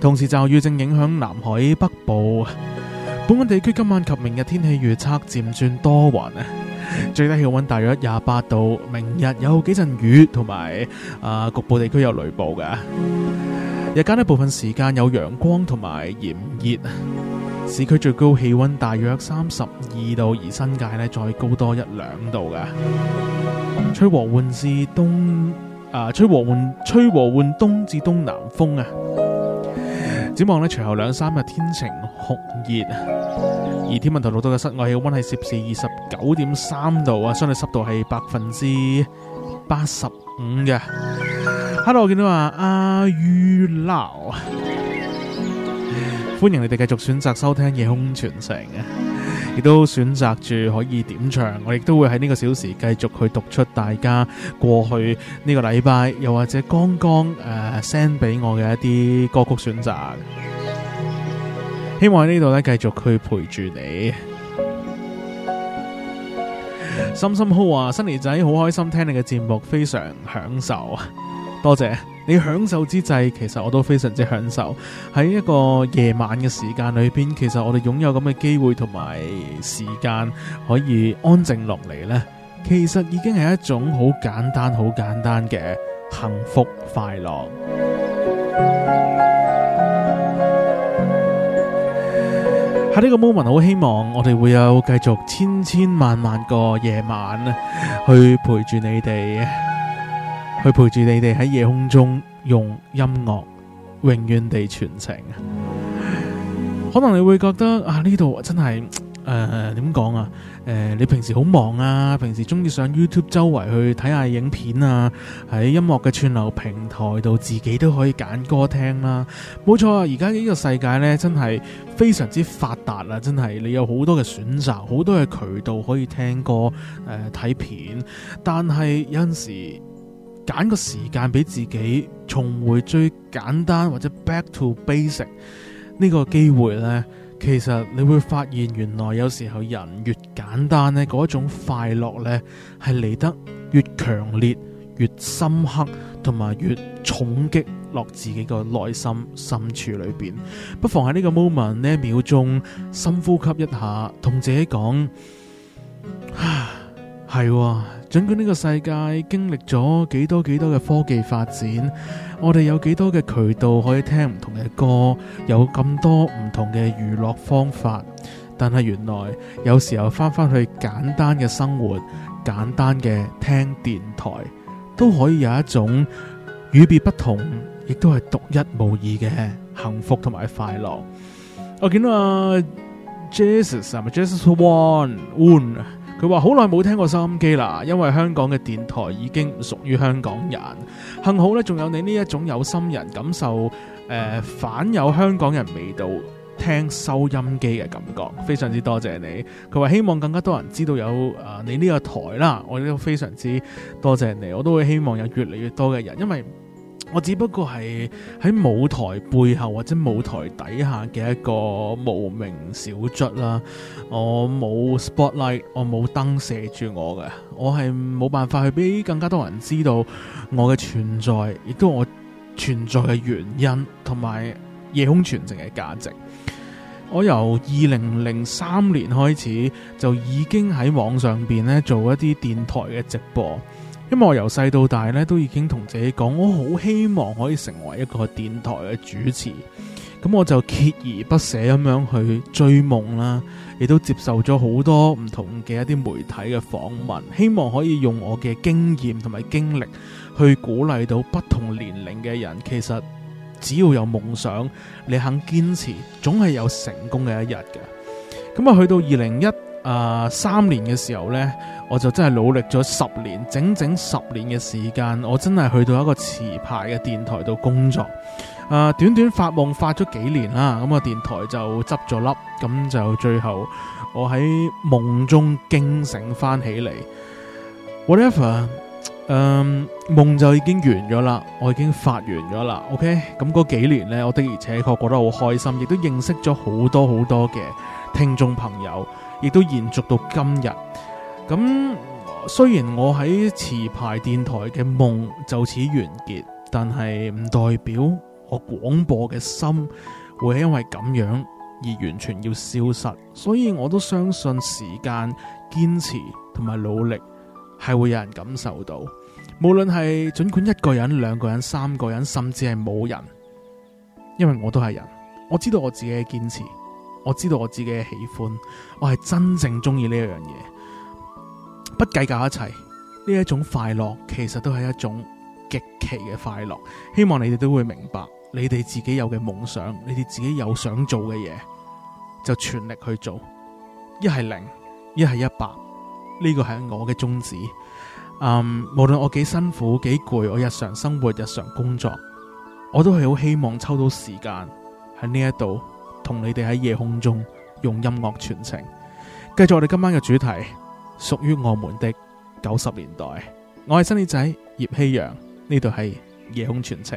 同時驟雨正影響南海北部，本港地區今晚及明日天氣預測漸轉多雲，最低氣溫大約廿八度。明日有幾陣雨，同埋啊局部地區有雷暴嘅。日間一部分時間有陽光同埋炎熱，市區最高氣溫大約三十二度，而新界呢再高多一兩度嘅。吹和緩至東啊，吹和緩吹和緩東至東南風啊。展望呢，隨後兩三日天晴酷熱，而天文台錄到嘅室外氣溫係攝氏二十九點三度啊，相對濕度係百分之八十五嘅。 Hello，見到啊，Are you w 歡迎你哋繼續選擇收聽夜空傳情嘅。亦都選擇住可以點唱，我亦都會喺呢個小時繼續去讀出大家過去呢個禮拜，又或者剛剛誒 send 俾我嘅一啲歌曲選擇。希望喺呢度呢，繼續去陪住你。心心好啊，新年仔好開心聽你嘅節目，非常享受，多謝。你享受之際，其實我都非常之享受。喺一個夜晚嘅時間裏邊，其實我哋擁有咁嘅機會同埋時間，可以安靜落嚟呢，其實已經係一種好簡單、好簡單嘅幸福快樂。喺呢 個 moment，好希望我哋會有繼續千千萬萬個夜晚去陪住你哋。去陪住你哋喺夜空中用音樂，永遠地傳情。可能你會覺得啊，呢度真係誒點講啊？誒、呃，你平時好忙啊，平時中意上 YouTube 周圍去睇下影片啊，喺音樂嘅串流平台度自己都可以揀歌聽啦，啊。冇錯啊，而家呢個世界呢，真係非常之發達啦，啊，真係你有好多嘅選擇，好多嘅渠道可以聽歌誒睇、呃、片，但係有陣時。揀個時間俾自己重回最簡單或者 back to basic 呢個機會呢，其實你會發現原來有時候人越簡單呢，嗰種快樂呢，係嚟得越強烈、越深刻同埋越重擊落自己個內心深處裏邊。不妨喺呢個 moment 呢秒鐘深呼吸一下，同自己講。係，儘管呢個世界經歷咗幾多幾多嘅科技發展，我哋有幾多嘅渠道可以聽唔同嘅歌，有咁多唔同嘅娛樂方法，但係原來有時候翻翻去簡單嘅生活，簡單嘅聽電台，都可以有一種與別不同，亦都係獨一無二嘅幸福同埋快樂。我見到啊，Jesus 啊，Jesus、嗯就是、One One。佢話好耐冇聽過收音機啦，因為香港嘅電台已經唔屬於香港人。幸好咧，仲有你呢一種有心人感受，誒、呃、反有香港人味道聽收音機嘅感覺，非常之多謝你。佢話希望更加多人知道有誒、呃、你呢個台啦，我亦都非常之多謝你，我都會希望有越嚟越多嘅人，因為，我只不過係喺舞台背後或者舞台底下嘅一個無名小卒啦，我冇 spotlight，我冇燈射住我嘅，我係冇辦法去俾更加多人知道我嘅存在，亦都我存在嘅原因同埋夜空傳情嘅價值。我由二零零三年開始就已經喺網上邊咧做一啲電台嘅直播。因為我由細到大咧，都已經同自己講，我好希望可以成為一個電台嘅主持，咁我就鍥而不捨咁樣去追夢啦，亦都接受咗好多唔同嘅一啲媒體嘅訪問，希望可以用我嘅經驗同埋經歷去鼓勵到不同年齡嘅人。其實只要有夢想，你肯堅持，總係有成功嘅一日嘅。咁啊，去到二零一。啊、呃，三年嘅時候呢，我就真係努力咗十年，整整十年嘅時間，我真係去到一個持牌嘅電台度工作。啊、呃，短短發夢發咗幾年啦，咁、嗯、啊，電台就執咗笠，咁就最後我喺夢中驚醒翻起嚟。Whatever，嗯、呃，夢就已經完咗啦，我已經發完咗啦。OK，咁嗰幾年呢，我的而且確覺得好開心，亦都認識咗好多好多嘅聽眾朋友。亦都延續到今日。咁雖然我喺持牌電台嘅夢就此完結，但係唔代表我廣播嘅心會因為咁樣而完全要消失。所以我都相信時間、堅持同埋努力係會有人感受到。無論係盡管一個人、兩個人、三個人，甚至係冇人，因為我都係人，我知道我自己嘅堅持。我知道我自己嘅喜歡，我係真正中意呢一樣嘢，不計較一切。呢一種快樂其實都係一種極其嘅快樂。希望你哋都會明白，你哋自己有嘅夢想，你哋自己有想做嘅嘢，就全力去做。一係零，一係一百，呢個係我嘅宗旨。嗯，無論我幾辛苦、幾攰，我日常生活、日常工作，我都係好希望抽到時間喺呢一度，同你哋喺夜空中用音樂傳情，繼續我哋今晚嘅主題，屬於我們的九十年代。我係 Sunny 仔葉希揚，呢度係夜空傳情。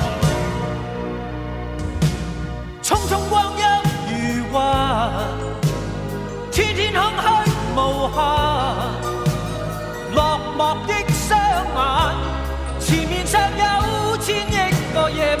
天空虛無限，落寞的雙眼，前面尚有千億個夜晚。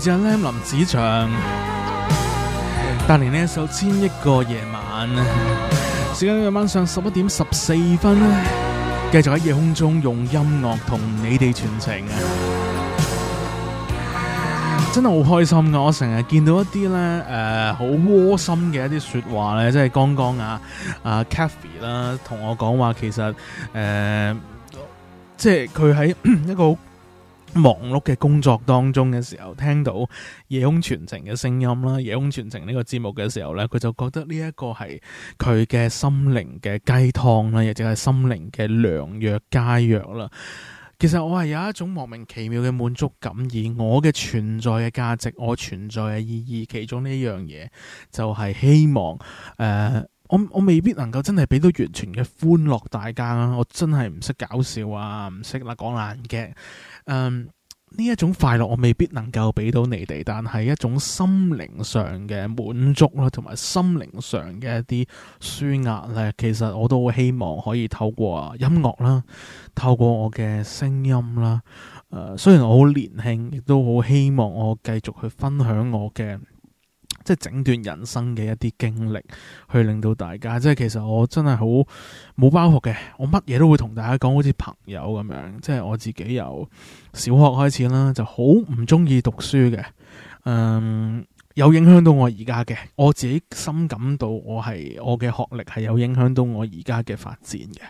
就係咧，林子祥，帶嚟呢一首千億個夜晚。時間今日晚上十一點十四分，呢，繼續喺夜空中用音樂同你哋傳情。真係好開心啊！我成日見到一啲呢，誒、呃，好窩心嘅一啲說話呢即係剛剛啊啊 Cathy 啦，同我講話其實誒、呃，即係佢喺一個忙碌嘅工作當中嘅時候，聽到夜空傳情嘅聲音啦，夜空傳情呢個節目嘅時候呢，佢就覺得呢一個係佢嘅心靈嘅雞湯啦，亦即係心靈嘅良藥佳藥啦。其實我係有一種莫名其妙嘅滿足感，以我嘅存在嘅價值，我存在嘅意義，其中呢一樣嘢就係希望誒、呃，我我未必能夠真係俾到完全嘅歡樂大家啦，我真係唔識搞笑啊，唔識啦，講爛嘅。嗯，呢一、um, 種快樂我未必能夠俾到你哋，但係一種心靈上嘅滿足啦，同埋心靈上嘅一啲舒壓咧，其實我都好希望可以透過音樂啦，透過我嘅聲音啦。誒、呃，雖然我好年輕，亦都好希望我繼續去分享我嘅。即係整段人生嘅一啲經歷，去令到大家。即係其實我真係好冇包袱嘅，我乜嘢都會同大家講，好似朋友咁樣。即係我自己由小學開始啦，就好唔中意讀書嘅。嗯，有影響到我而家嘅，我自己深感到我係我嘅學歷係有影響到我而家嘅發展嘅。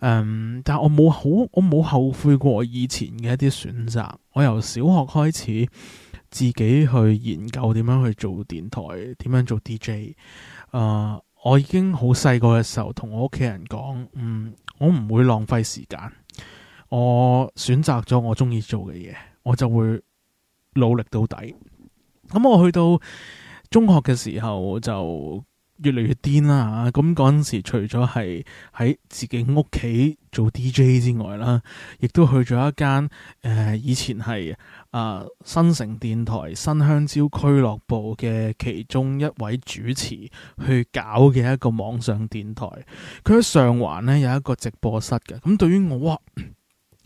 嗯，但我冇好，我冇後悔過我以前嘅一啲選擇。我由小學開始。自己去研究點樣去做電台，點樣做 DJ、呃。啊，我已經好細個嘅時候同我屋企人講，嗯，我唔會浪費時間，我選擇咗我中意做嘅嘢，我就會努力到底。咁、嗯、我去到中學嘅時候就。越嚟越癲啦咁嗰陣時，除咗係喺自己屋企做 DJ 之外啦，亦都去咗一間誒、呃、以前係啊、呃、新城電台新香蕉俱樂部嘅其中一位主持去搞嘅一個網上電台。佢喺上環呢有一個直播室嘅。咁對於我哇，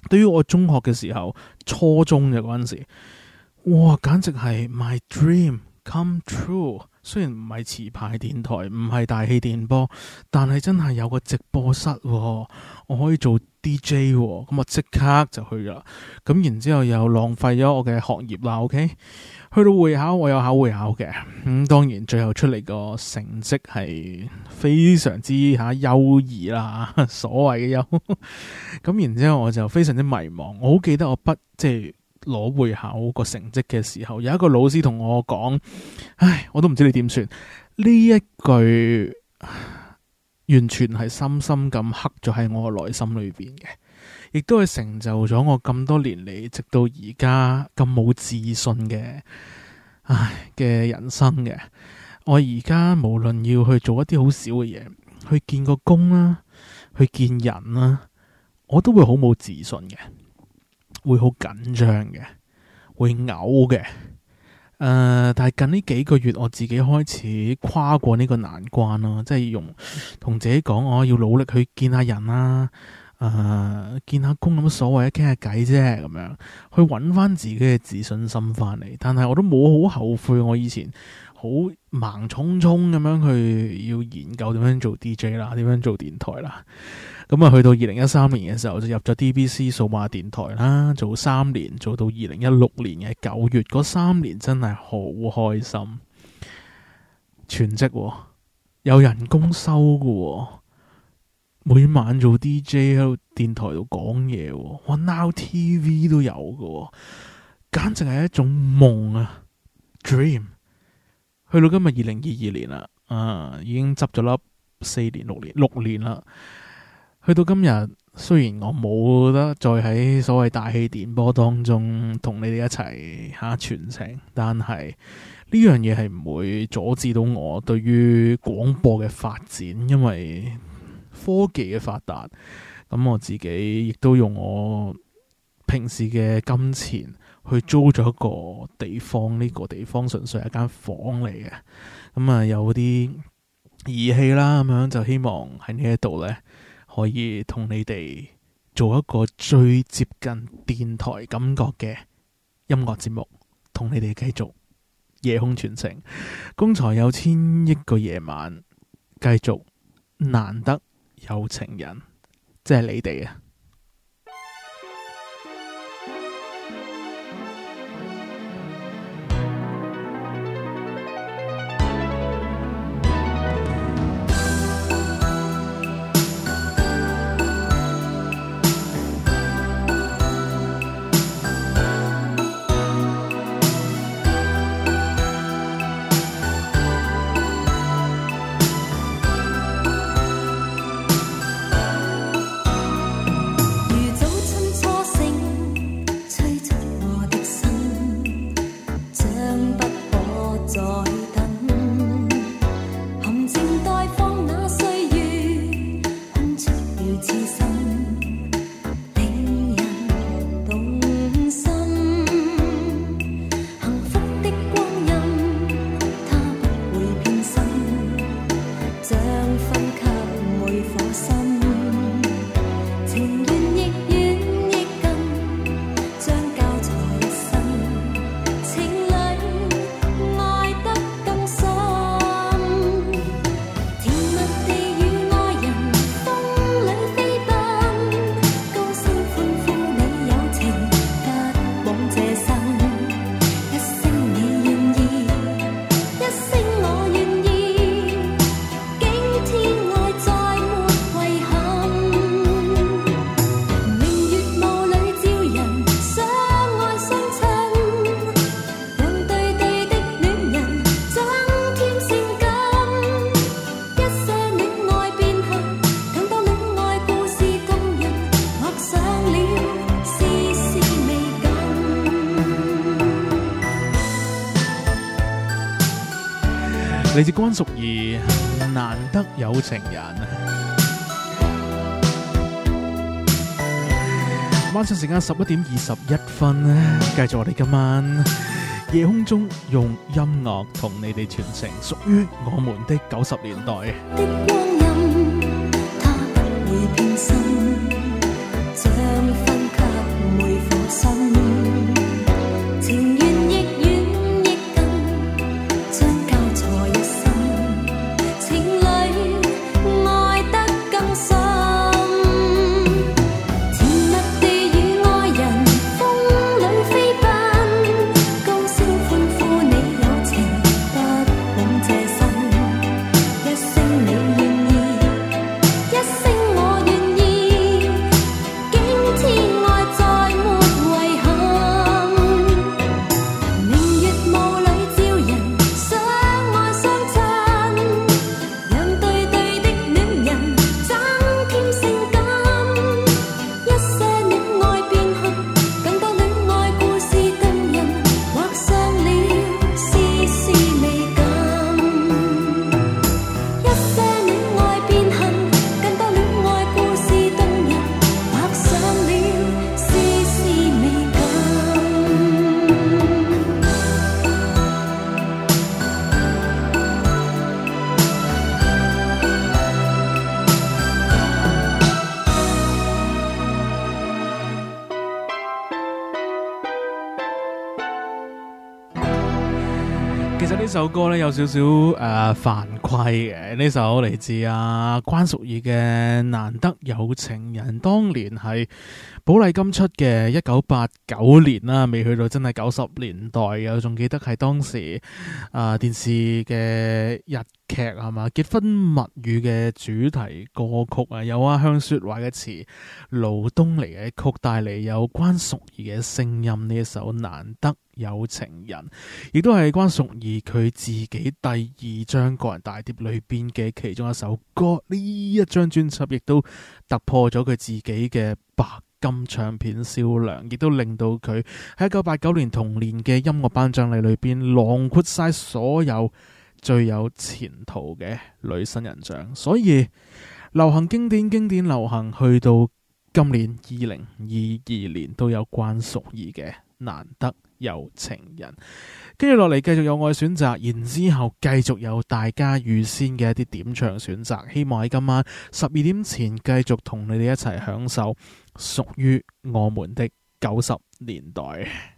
對於我中學嘅時候，初中嘅嗰陣時，哇，簡直係 my dream come true！雖然唔係持牌電台，唔係大氣電波，但係真係有個直播室、哦，我可以做 DJ，咁、哦嗯、我即刻就去咗。咁然之後又浪費咗我嘅學業啦。OK，去到會考，我有考會考嘅。咁、嗯、當然最後出嚟個成績係非常之吓、啊、優異啦，所謂嘅優。咁然之後我就非常之迷茫。我好記得我不即係。攞會考個成績嘅時候，有一個老師同我講，唉，我都唔知你點算。呢一句完全係深深咁刻咗喺我嘅內心裏邊嘅，亦都係成就咗我咁多年嚟，直到而家咁冇自信嘅、唉嘅人生嘅。我而家無論要去做一啲好少嘅嘢，去見個工啦，去見人啦，我都會好冇自信嘅。會好緊張嘅，會嘔嘅。誒、呃，但係近呢幾個月，我自己開始跨過呢個難關咯，啊，即係用同自己講，我，啊、要努力去見下人啦，啊，誒、呃，見下工咁所謂，傾下偈啫，咁樣去搵翻自己嘅自信心翻嚟。但係我都冇好後悔，我以前好盲衝冲咁樣去要研究點樣做 DJ 啦，點樣做電台啦。咁啊，去到二零一三年嘅時候就入咗 DBC 數碼電台啦，做三年做到二零一六年嘅九月，嗰三年真係好開心，全職、哦，有人工收嘅、哦，每晚做 DJ 喺個電台度講嘢，我 Now TV 都有嘅、哦，簡直係一種夢啊！Dream，去到今日二零二二年啦，啊、嗯，已經執咗粒四年六年六年啦。去到今日，雖然我冇得再喺所謂大氣電波當中同你哋一齊下、啊、全程，但係呢樣嘢係唔會阻止到我對於廣播嘅發展，因為科技嘅發達，咁我自己亦都用我平時嘅金錢去租咗一個地方，呢、呢個地方純粹係一間房嚟嘅，咁啊有啲儀器啦，咁樣就希望喺呢一度呢。可以同你哋做一個最接近電台感覺嘅音樂節目，同你哋繼續夜空傳情，公才有千億個夜晚，繼續難得有情人，即係你哋啊！嚟自關淑怡，難得有情人。晚上時間十一點二十一分，繼續我哋今晚夜空中用音樂同你哋傳情，屬於我們的九十年代。有少少誒犯規嘅呢首嚟自啊關淑怡嘅《難得有情人》，當年係，寶麗金出嘅一九八九年啦，未去到真係九十年代啊，仲記得係當時啊、呃，電視嘅日劇係嘛《結婚物語》嘅主題歌曲啊，有啊向雪懷嘅詞，盧東尼嘅曲，帶嚟有關淑怡嘅聲音呢一首《難得有情人》，亦都係關淑怡佢自己第二張個人大碟裏邊嘅其中一首歌。呢一張專輯亦都突破咗佢自己嘅白。金唱片銷量，亦都令到佢喺一九八九年同年嘅音樂頒獎禮裏邊囊括晒所有最有前途嘅女新人獎。所以流行經典、經典流行，去到今年二零二二年，都有關淑怡嘅難得有情人。跟住落嚟，繼續有我嘅選擇，然之後繼續有大家預先嘅一啲點唱選擇，希望喺今晚十二點前繼續同你哋一齊享受屬於我們的九十年代。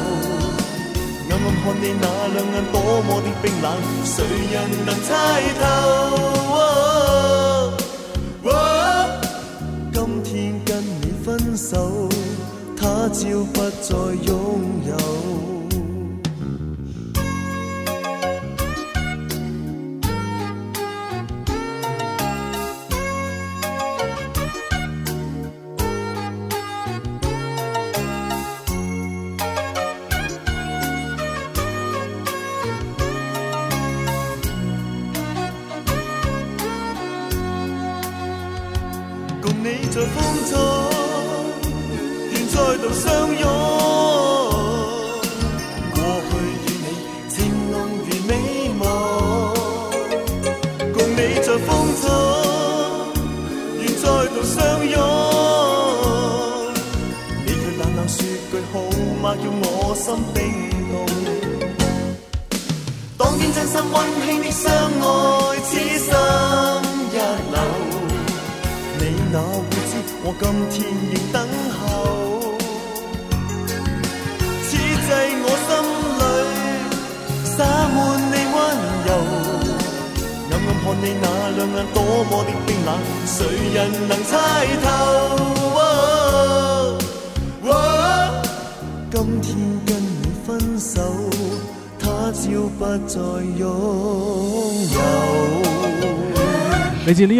我看你那兩眼多麼的冰冷，誰人能猜透？哦，哦，今天跟你分手，他朝不再擁有。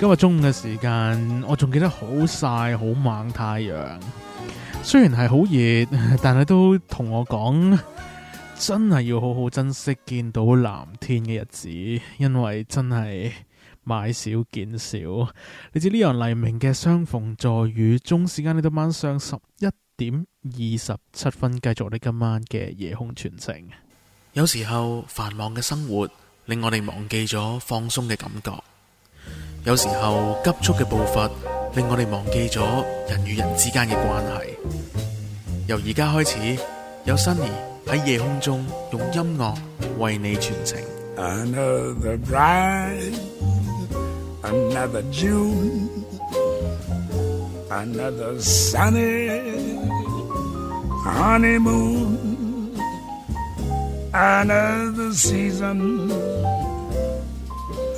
今日中午嘅時間，我仲記得好曬好猛太陽，雖然係好熱，但係都同我講，真係要好好珍惜見到藍天嘅日子，因為真係買少見少。你知呢樣黎明嘅相逢，在雨中時間呢？到晚上十一點二十七分，繼續呢今晚嘅夜空傳情。有時候繁忙嘅生活令我哋忘記咗放鬆嘅感覺。有時候急促嘅步伐令我哋忘記咗人與人之間嘅關係。由而家開始，有 Sunny 喺夜空中用音樂為你傳情。Another bride, Another June, Another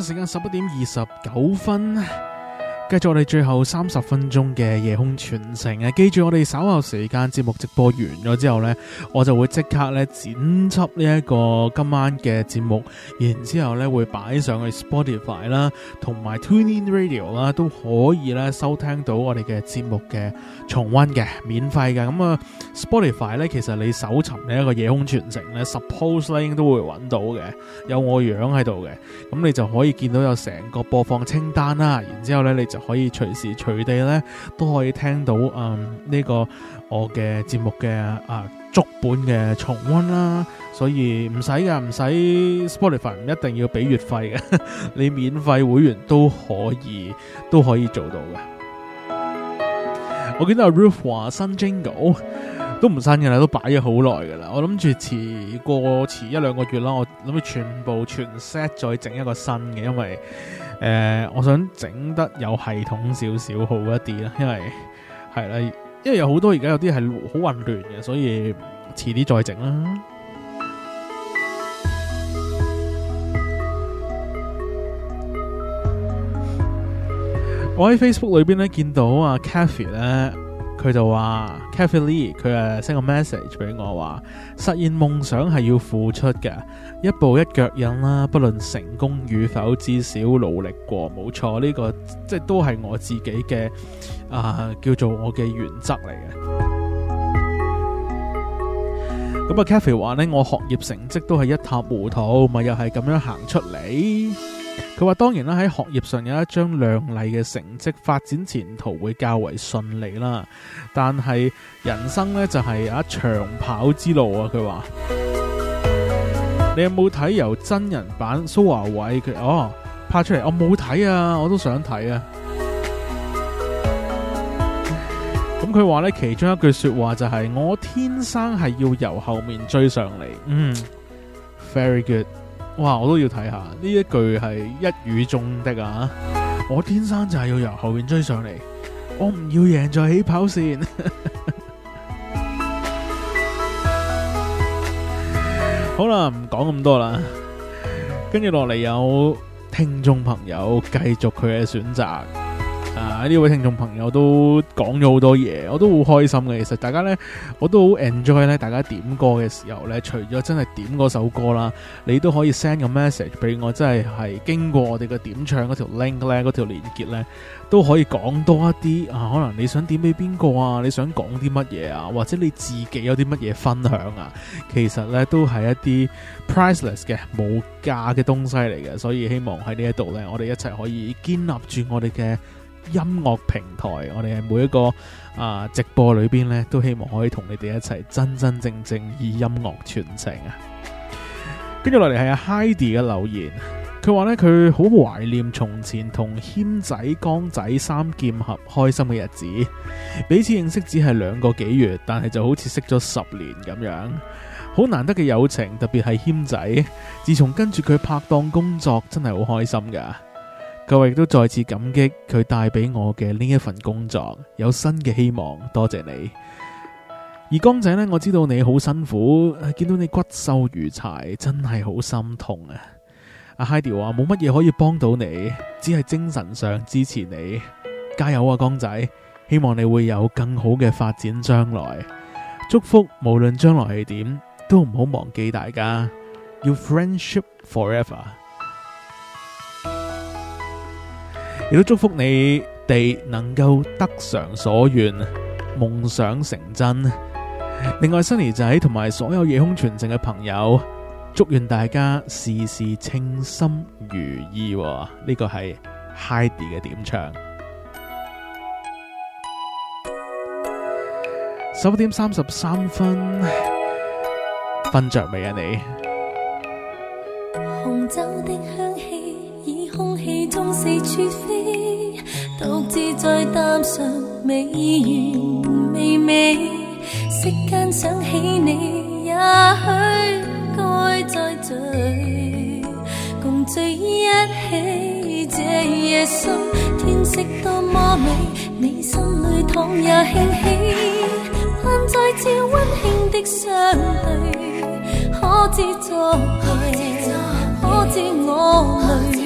時間十一點二十九分，繼續我哋最後三十分鐘嘅夜空傳情啊！記住我哋稍後時間節目直播完咗之後呢，我就會即刻咧剪輯呢一個今晚嘅節目，然之後咧會擺上去 Spotify 啦，同埋 TuneIn Radio 啦，都可以咧收聽到我哋嘅節目嘅重温嘅免費嘅咁啊！Spotify 咧，其實你搜尋呢一個夜空傳情咧，suppose link 都會揾到嘅，有我樣喺度嘅，咁你就可以見到有成個播放清單啦。然之後咧，你就可以隨時隨地咧都可以聽到啊呢、嗯，這個我嘅節目嘅啊足本嘅重溫啦。所以唔使嘅，唔使 Spotify，唔一定要俾月費嘅， 你免費會員都可以都可以做到嘅。 我見到阿 Ruth 話新 Jingle。都唔新嘅啦，都擺咗好耐噶啦。我諗住遲過遲一兩個月啦，我諗住全部全 set 再整一個新嘅，因為誒、呃，我想整得有系統少少好一啲啦。因為係啦，因為有好多而家有啲係好混亂嘅，所以遲啲再整啦。 我喺 Facebook 裏邊咧見到啊 Cathy 咧。佢就話，Kathy Lee，佢誒 send 個 message 俾我話，實現夢想係要付出嘅，一步一腳印啦，不論成功與否，至少努力過，冇錯呢個，即係都係我自己嘅啊、呃、叫做我嘅原則嚟嘅。咁啊，Kathy 話呢，我學業成績都係一塌糊塗，咪又係咁樣行出嚟。佢話當然啦，喺學業上有一張亮麗嘅成績，發展前途會較為順利啦。但係人生呢，就係啊長跑之路啊，佢話。 你有冇睇由真人版蘇華偉佢哦拍出嚟？我冇睇啊，我都想睇啊。咁佢話呢，其中一句說話就係我天生係要由後面追上嚟。嗯，very good。哇！我都要睇下呢，一句係一語中的啊！我天生就係要由後面追上嚟，我唔要贏在起跑線。 好啦，唔講咁多啦，跟住落嚟有聽眾朋友繼續佢嘅選擇。啊！呢位聽眾朋友都講咗好多嘢，我都好開心嘅。其實大家呢，我都好 enjoy 呢大家點歌嘅時候呢，除咗真係點嗰首歌啦，你都可以 send 個 message 俾我，即係係經過我哋嘅點唱嗰條 link 咧，嗰條連結呢，都可以講多一啲啊。可能你想點俾邊個啊？你想講啲乜嘢啊？或者你自己有啲乜嘢分享啊？其實呢都係一啲 priceless 嘅冇價嘅東西嚟嘅，所以希望喺呢一度呢，我哋一齊可以建立住我哋嘅音樂平台，我哋係每一個啊、呃、直播裏邊咧，都希望可以同你哋一齊真真正正以音樂傳情啊！跟住落嚟係阿 Hi Dee 嘅留言，佢話呢，佢好懷念從前同謙仔、剛仔三劍俠開心嘅日子，彼此認識只係兩個幾月，但係就好似識咗十年咁樣，好難得嘅友情，特別係謙仔，自從跟住佢拍檔工作，真係好開心噶。各位都再次感激佢帶俾我嘅呢一份工作，有新嘅希望，多謝你。而江仔呢，我知道你好辛苦，見到你骨瘦如柴，真係好心痛啊！阿 Heidi 話冇乜嘢可以幫到你，只係精神上支持你，加油啊，江仔！希望你會有更好嘅發展將，將來祝福，無論將來係點，都唔好忘記大家，要 friendship forever。亦都祝福你哋能夠得償所願，夢想成真。另外，Sunny 仔同埋所有夜空傳情嘅朋友，祝願大家事事稱心如意。呢個係 Hidy 嘅點唱，十 點三十三分瞓着未啊？你？紅州的香四處飛，獨自在淡上美完未尾。息間想起你，也許該再聚。共聚一起，這夜深天色多麼美，你心裏倘也興起，盼再照溫馨的相對。可知昨夜，可知去，可知我累。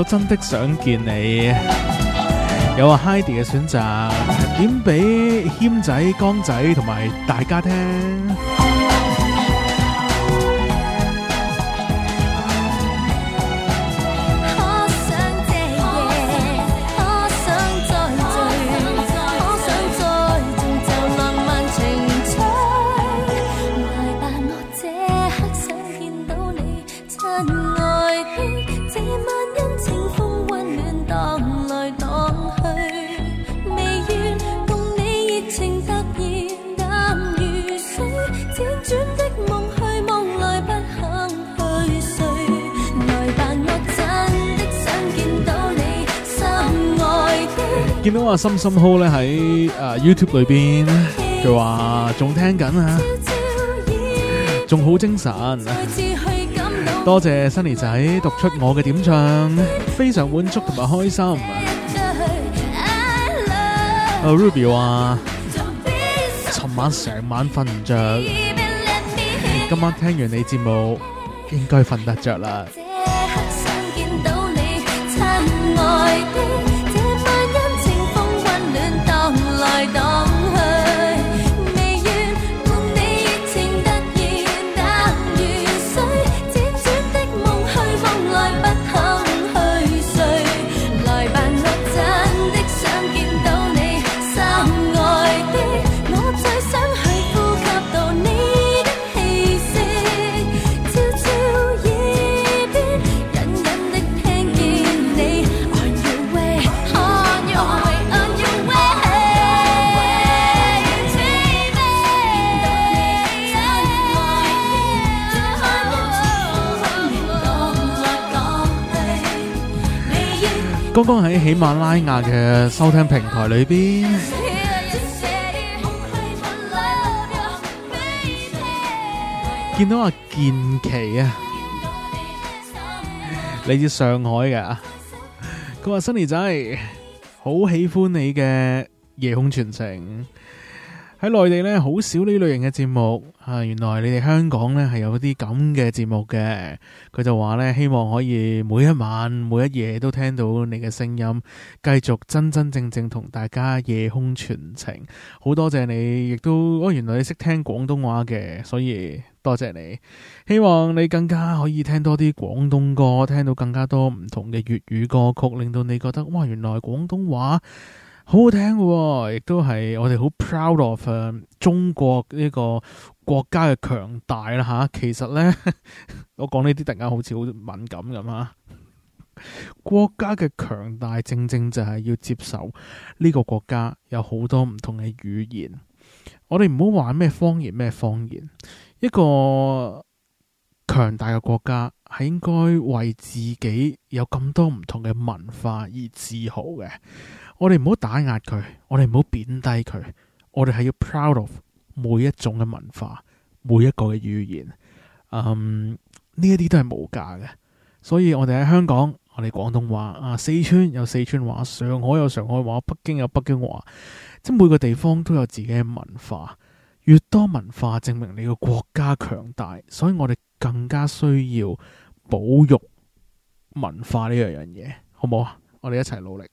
我真的想見你， 有阿 Hidy 嘅選擇，點俾謙仔、江仔同埋大家聽。心心好咧，喺啊 YouTube 裏邊，佢話仲聽緊啊，仲好精神。多謝 Sunny 仔讀出我嘅點唱，非常滿足同埋開心。阿 Ruby 話，尋晚成晚瞓唔着，今晚聽完你節目應該瞓得着啦。剛剛喺喜馬拉雅嘅收聽平台裏邊，見到阿健奇啊，嚟自上海嘅啊，佢話 Sunny 仔好喜歡你嘅夜空傳情。喺內地呢，好少呢類型嘅節目啊！原來你哋香港呢，係有啲咁嘅節目嘅。佢就話呢，希望可以每一晚每一夜都聽到你嘅聲音，繼續真真正正同大家夜空傳情。好多謝你，亦都哦，原來你識聽廣東話嘅，所以多謝你。希望你更加可以聽多啲廣東歌，聽到更加多唔同嘅粵語歌曲，令到你覺得哇！原來廣東話。好好聽嘅，亦都係我哋好 proud of、uh，中國呢個國家嘅強大啦吓、啊。其實呢， 我講呢啲突然間好似好敏感咁啊。國家嘅強大正正就係要接受呢個國家有好多唔同嘅語言。我哋唔好話咩方言咩方言。一個強大嘅國家係應該為自己有咁多唔同嘅文化而自豪嘅。我哋唔好打壓佢，我哋唔好貶低佢，我哋係要 proud of 每一種嘅文化，每一個嘅語言，嗯，呢一啲都係無價嘅。所以，我哋喺香港，我哋廣東話啊，四川有四川話，上海有上海話，北京有北京話，即係每個地方都有自己嘅文化。越多文化，證明你個國家強大。所以我哋更加需要保育文化呢樣嘢，好唔好啊？我哋一齊努力。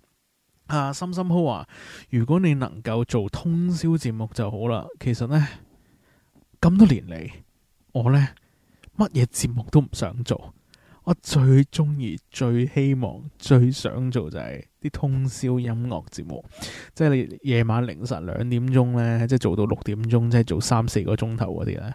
啊！心心好話，如果你能夠做通宵節目就好啦。其實呢，咁多年嚟，我呢乜嘢節目都唔想做，我最中意、最希望、最想做就係、是。啲通宵音樂節目，即係你夜晚凌晨兩點鐘咧，即係做到六點鐘，即係做三四個鐘頭嗰啲咧，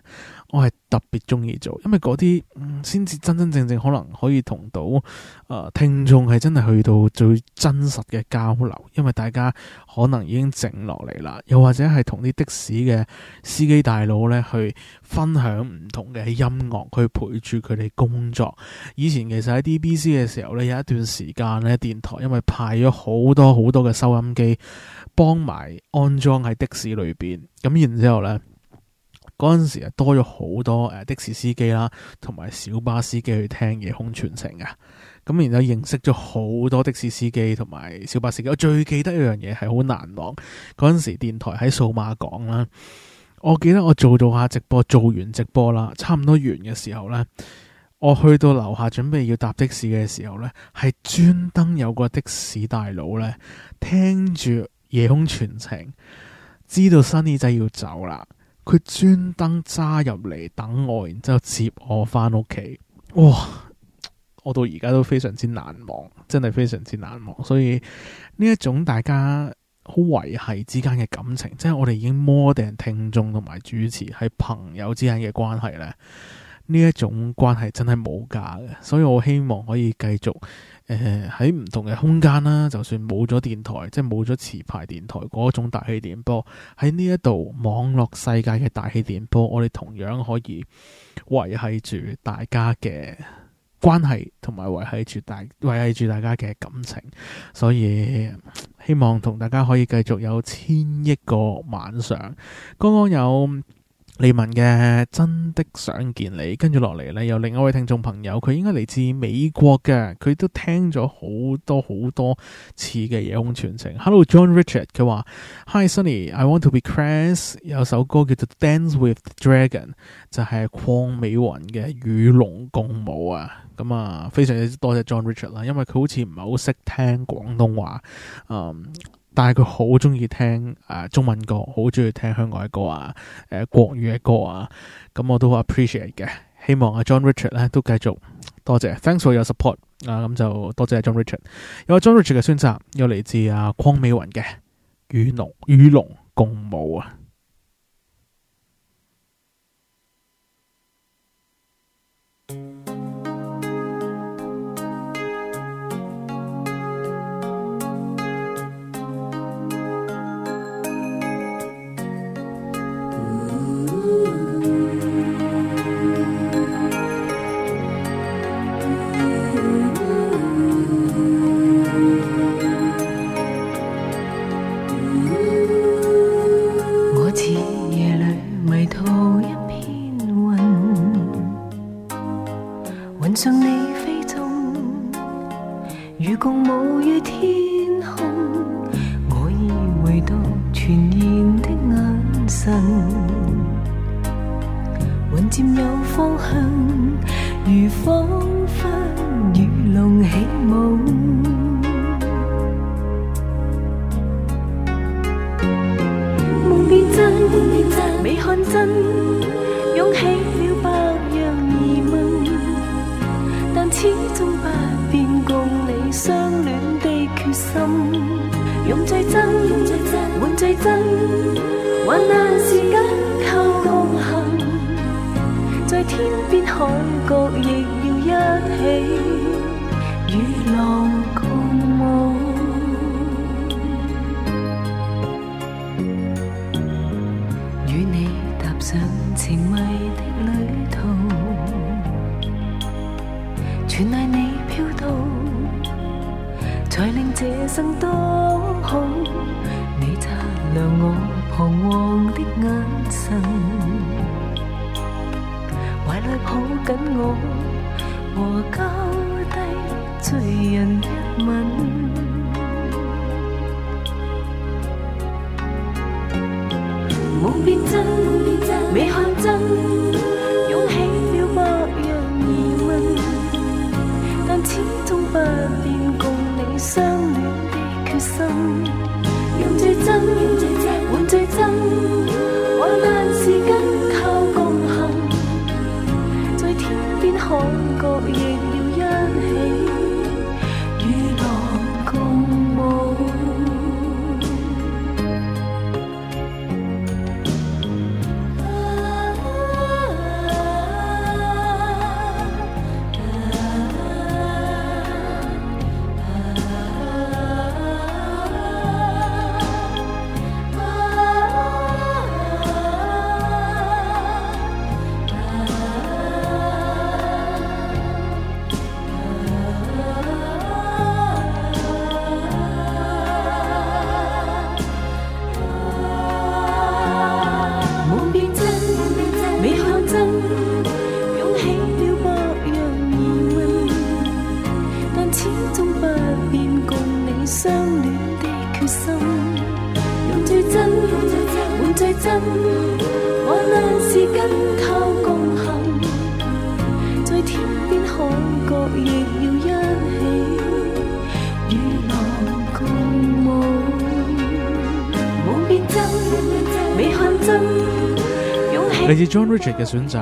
我係特別中意做，因為嗰啲嗯先至真真正正可能可以同到誒、呃、聽眾係真係去到最真實嘅交流，因為大家可能已經靜落嚟啦，又或者係同啲的士嘅司機大佬咧去分享唔同嘅音樂，去陪住佢哋工作。以前其實喺 DBC 嘅時候咧，有一段時間咧電台因為派。係咗好多好多嘅收音機，幫埋安裝喺的士裏邊。咁然之後呢，嗰陣時啊多咗好多誒的士司機啦，同埋小巴司機去聽夜空傳情啊。咁然之後認識咗好多的士司機同埋小巴司機。我最記得一樣嘢係好難忘，嗰陣時電台喺數碼港啦。我記得我做做下直播，做完直播啦，差唔多完嘅時候呢。我去到樓下準備要搭的士嘅時候呢，係專登有個的士大佬呢，聽住夜空傳情，知道新耳仔要走啦，佢專登揸入嚟等我，然之後接我翻屋企。哇！我到而家都非常之難忘，真係非常之難忘。所以呢一種大家好維繫之間嘅感情，即係我哋已經摸定聽眾同埋主持係朋友之間嘅關係呢。呢一種關係真係冇價嘅，所以我希望可以繼續誒喺唔同嘅空間啦，就算冇咗電台，即係冇咗持牌電台嗰種大氣電波，喺呢一度網絡世界嘅大氣電波，我哋同樣可以維係住大家嘅關係，同埋維係住大維係住大家嘅感情。所以希望同大家可以繼續有千億個晚上，剛剛有。你問嘅，真的想見你。跟住落嚟呢，有另一位聽眾朋友，佢應該嚟自美國嘅，佢都聽咗好多好多次嘅《夜空傳情》。Hello John Richard，佢話 Hi Sunny，I want to be Crass。有首歌叫做《Dance with Dragon》，就係鄺美雲嘅《與龍共舞》啊。咁啊，非常之多謝 John Richard 啦，因為佢好似唔係好識聽廣東話。嗯，um。但係佢好中意聽誒、啊、中文歌，好中意聽香港嘅歌啊，誒、啊、國語嘅歌啊，咁、啊嗯、我都好 appreciate 嘅。希望阿、啊、John Richard 咧都繼續多謝，thanks 我有 support 啊，咁就多謝阿、啊、John Richard。有 John Richard 嘅選擇，有嚟自阿、啊、鄺美雲嘅《與龍與龍共舞》啊。John Richard 嘅選擇，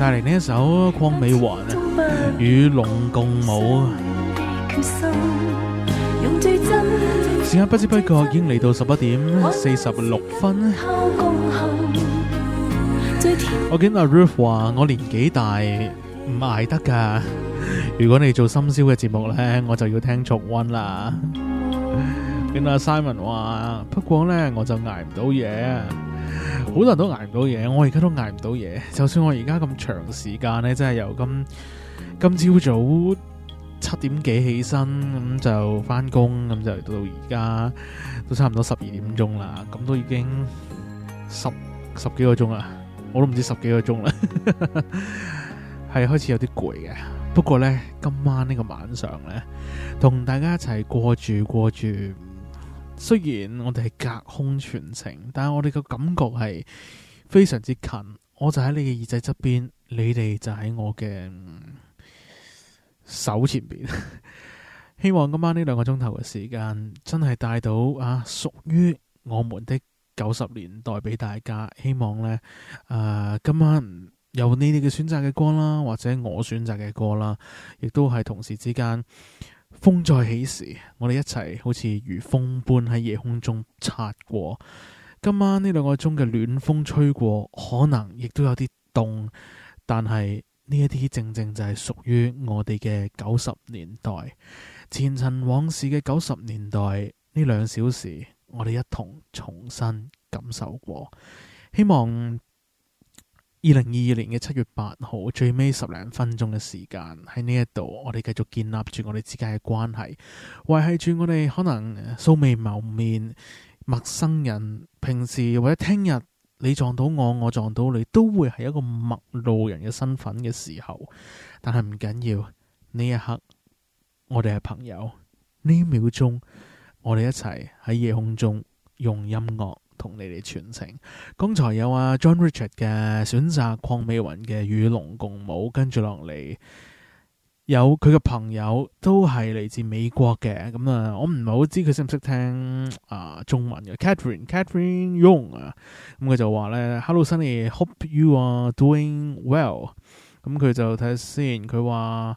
帶嚟呢一首鄺美雲與龍共舞。時間不知不覺已經嚟到十一點四十六分， 我見阿 Ruth 話我年紀大唔挨得噶， 如果你做深宵嘅節目咧，我就要聽重溫啦。點啊，Simon 話：不過咧，我就挨唔到嘢，好多人都挨唔到嘢，我而家都挨唔到嘢。就算我而家咁長時間咧，即係由今今朝早七點幾起身，咁、嗯、就翻工，咁、嗯、就到而家都差唔多十二點鐘啦，咁、嗯、都已經十十幾個鐘啦，我都唔知十幾個鐘啦，係 開始有啲攰嘅。不過咧，今晚呢個晚上咧，同大家一齊過住過住。雖然我哋係隔空傳情，但係我哋個感覺係非常之近。我就喺你嘅耳仔側邊，你哋就喺我嘅手前邊。 希望今晚呢兩個鐘頭嘅時間，真係帶到啊屬於我們的九十年代俾大家。希望呢，誒、呃、今晚有你哋嘅選擇嘅歌啦，或者我選擇嘅歌啦，亦都係同時之間。風再起時，我哋一齊好似如風般喺夜空中擦過。今晚呢兩個鐘嘅暖風吹過，可能亦都有啲凍，但係呢一啲正正就係屬於我哋嘅九十年代。前塵往事嘅九十年代呢兩小時，我哋一同重新感受過。希望。二零二二年嘅七月八號，最尾十零分鐘嘅時間喺呢一度，我哋繼續建立住我哋之間嘅關係，維繫住我哋可能素未謀面陌生人，平時或者聽日你撞到我，我撞到你，都會係一個陌路人嘅身份嘅時候，但係唔緊要，呢一刻我哋係朋友，呢秒鐘我哋一齊喺夜空中用音樂。同你哋全程，剛才有阿、啊、John Richard 嘅選擇鄺美雲嘅與龍共舞，跟住落嚟有佢嘅朋友都係嚟自美國嘅，咁啊，我唔係好知佢識唔識聽啊中文嘅 Catherine Catherine Yong 啊，咁佢就話咧，Hello Sunny，Hope you are doing well，咁佢就睇下先，佢話。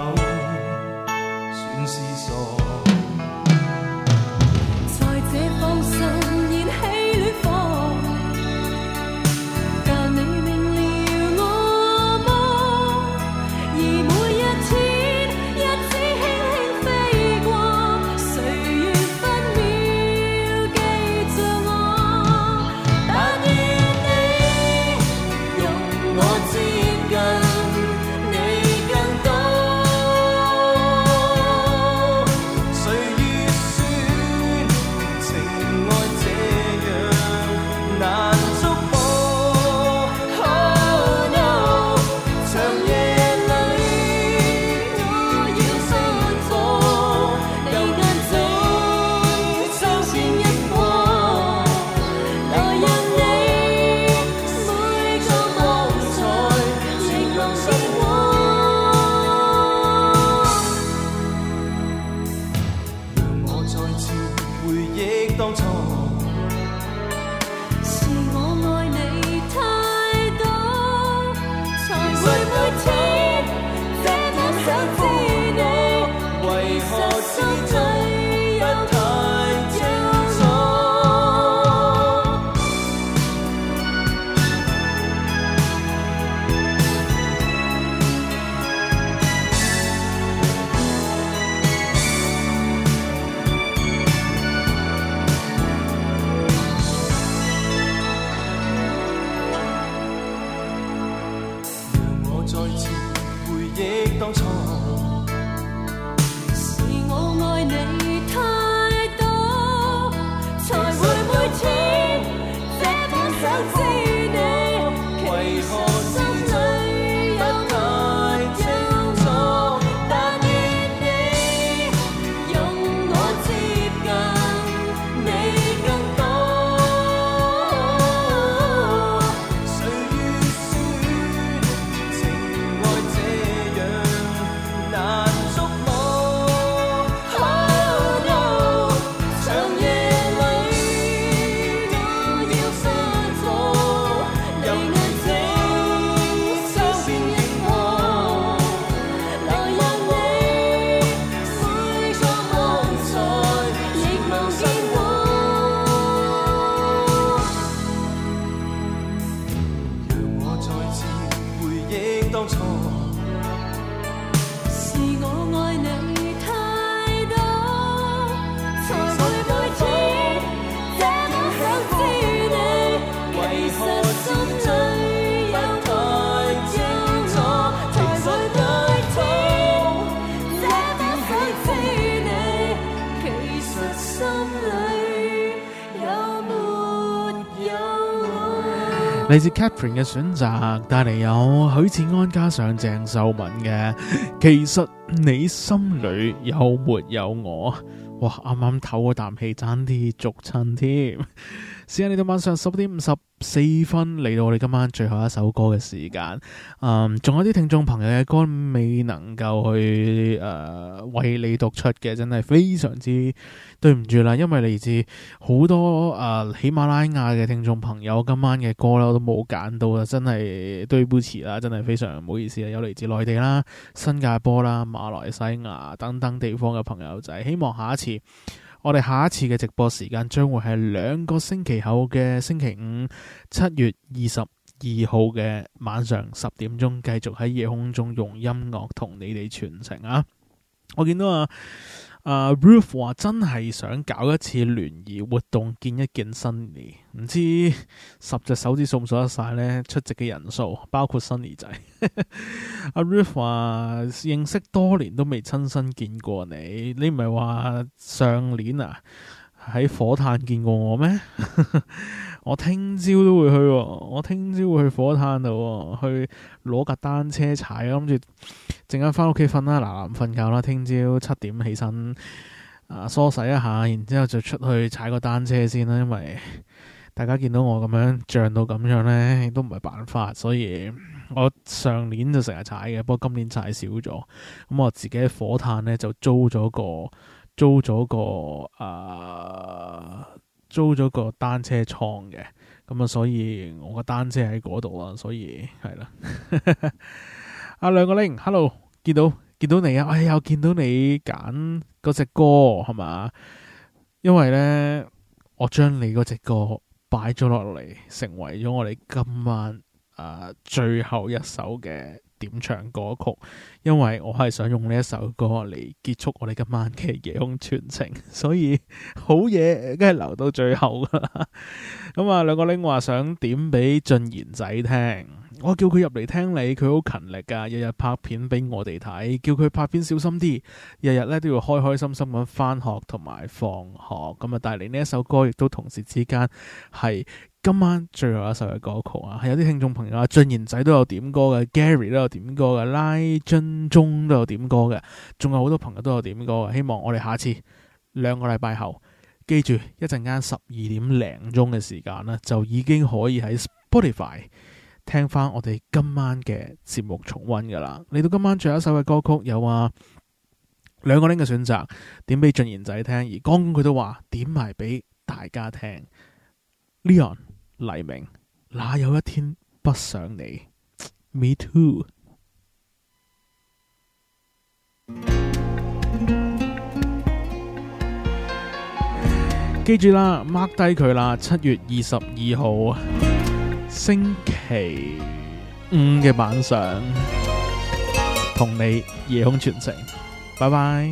嚟自 Katherine 嘅選擇，帶嚟有許志安加上鄭秀文嘅。其實你心裡有沒有我？哇，啱啱唞個啖氣，爭啲續襯添。時間你到晚上十點五十。四分嚟到我哋今晚最後一首歌嘅時間，嗯，仲有啲聽眾朋友嘅歌未能夠去誒、呃、為你讀出嘅，真係非常之對唔住啦，因為嚟自好多誒、呃、喜馬拉雅嘅聽眾朋友今晚嘅歌啦，我都冇揀到啊，真係對不起啦，真係非常唔好意思啦，有嚟自內地啦、新加坡啦、馬來西亞等等地方嘅朋友仔，希望下一次。我哋下一次嘅直播時間將會係兩個星期後嘅星期五，七月二十二號嘅晚上十點鐘，繼續喺夜空中用音樂同你哋傳情啊！我見到啊～阿 Ralph 話真係想搞一次聯誼活動見一見 Sunny，唔知十隻手指數唔數得晒呢出席嘅人數，包括 Sunny 仔。阿 Ralph 話認識多年都未親身見過你，你唔係話上年啊？喺火炭見過我咩、 啊？我聽朝都會去，我聽朝會去火炭度、啊、去攞架單車踩。我諗住陣間翻屋企瞓啦，嗱瞓覺啦。聽朝七點起身、呃，梳洗一下，然之後就出去踩個單車先啦。因為大家見到我咁樣脹到咁樣呢，都唔係辦法。所以我上年就成日踩嘅，不過今年踩少咗。咁我自己喺火炭呢，就租咗個。租咗個啊、呃，租咗個單車倉嘅，咁啊，所以我、 啊、個單車喺嗰度啦，所以係啦。阿兩個零，hello，見到見到你啊，哎，又見到你揀嗰隻歌係嘛？因為呢，我將你嗰隻歌擺咗落嚟，成為咗我哋今晚啊、呃、最後一首嘅。點唱歌曲，因為我係想用呢一首歌嚟結束我哋今晚嘅夜空傳承，所以好嘢梗係留到最後噶啦。咁 啊、嗯，兩個拎 i 話想點俾俊賢仔聽，我叫佢入嚟聽你，佢好勤力噶，日日拍片俾我哋睇，叫佢拍片小心啲，日日咧都要開開心心咁翻學同埋放學，咁啊帶嚟呢一首歌，亦都同時之間係。今晚最後一首嘅歌曲啊，係有啲聽眾朋友啊，俊賢仔都有點歌嘅，Gary 都有點歌嘅，拉樽鐘都有點歌嘅，仲有好多朋友都有點歌嘅。希望我哋下次兩個禮拜後，記住一陣間十二點零鐘嘅時間呢，就已經可以喺 Spotify 聽翻我哋今晚嘅節目重温噶啦。嚟到今晚最後一首嘅歌曲，有啊兩個拎嘅選擇，點俾俊賢仔聽，而剛佢都話點埋俾大家聽，Leon。黎明，哪有一天不想你？Me too 記。記住啦，mark 低佢啦，七月二十二號星期五嘅晚上，同你夜空傳情。拜拜。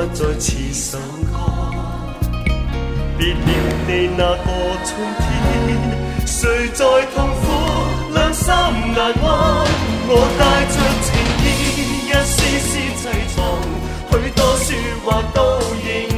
不再似首歌，別了你那個春天，誰在痛苦，兩心難關，我帶着情意，一絲絲淒愴，許多說話都應。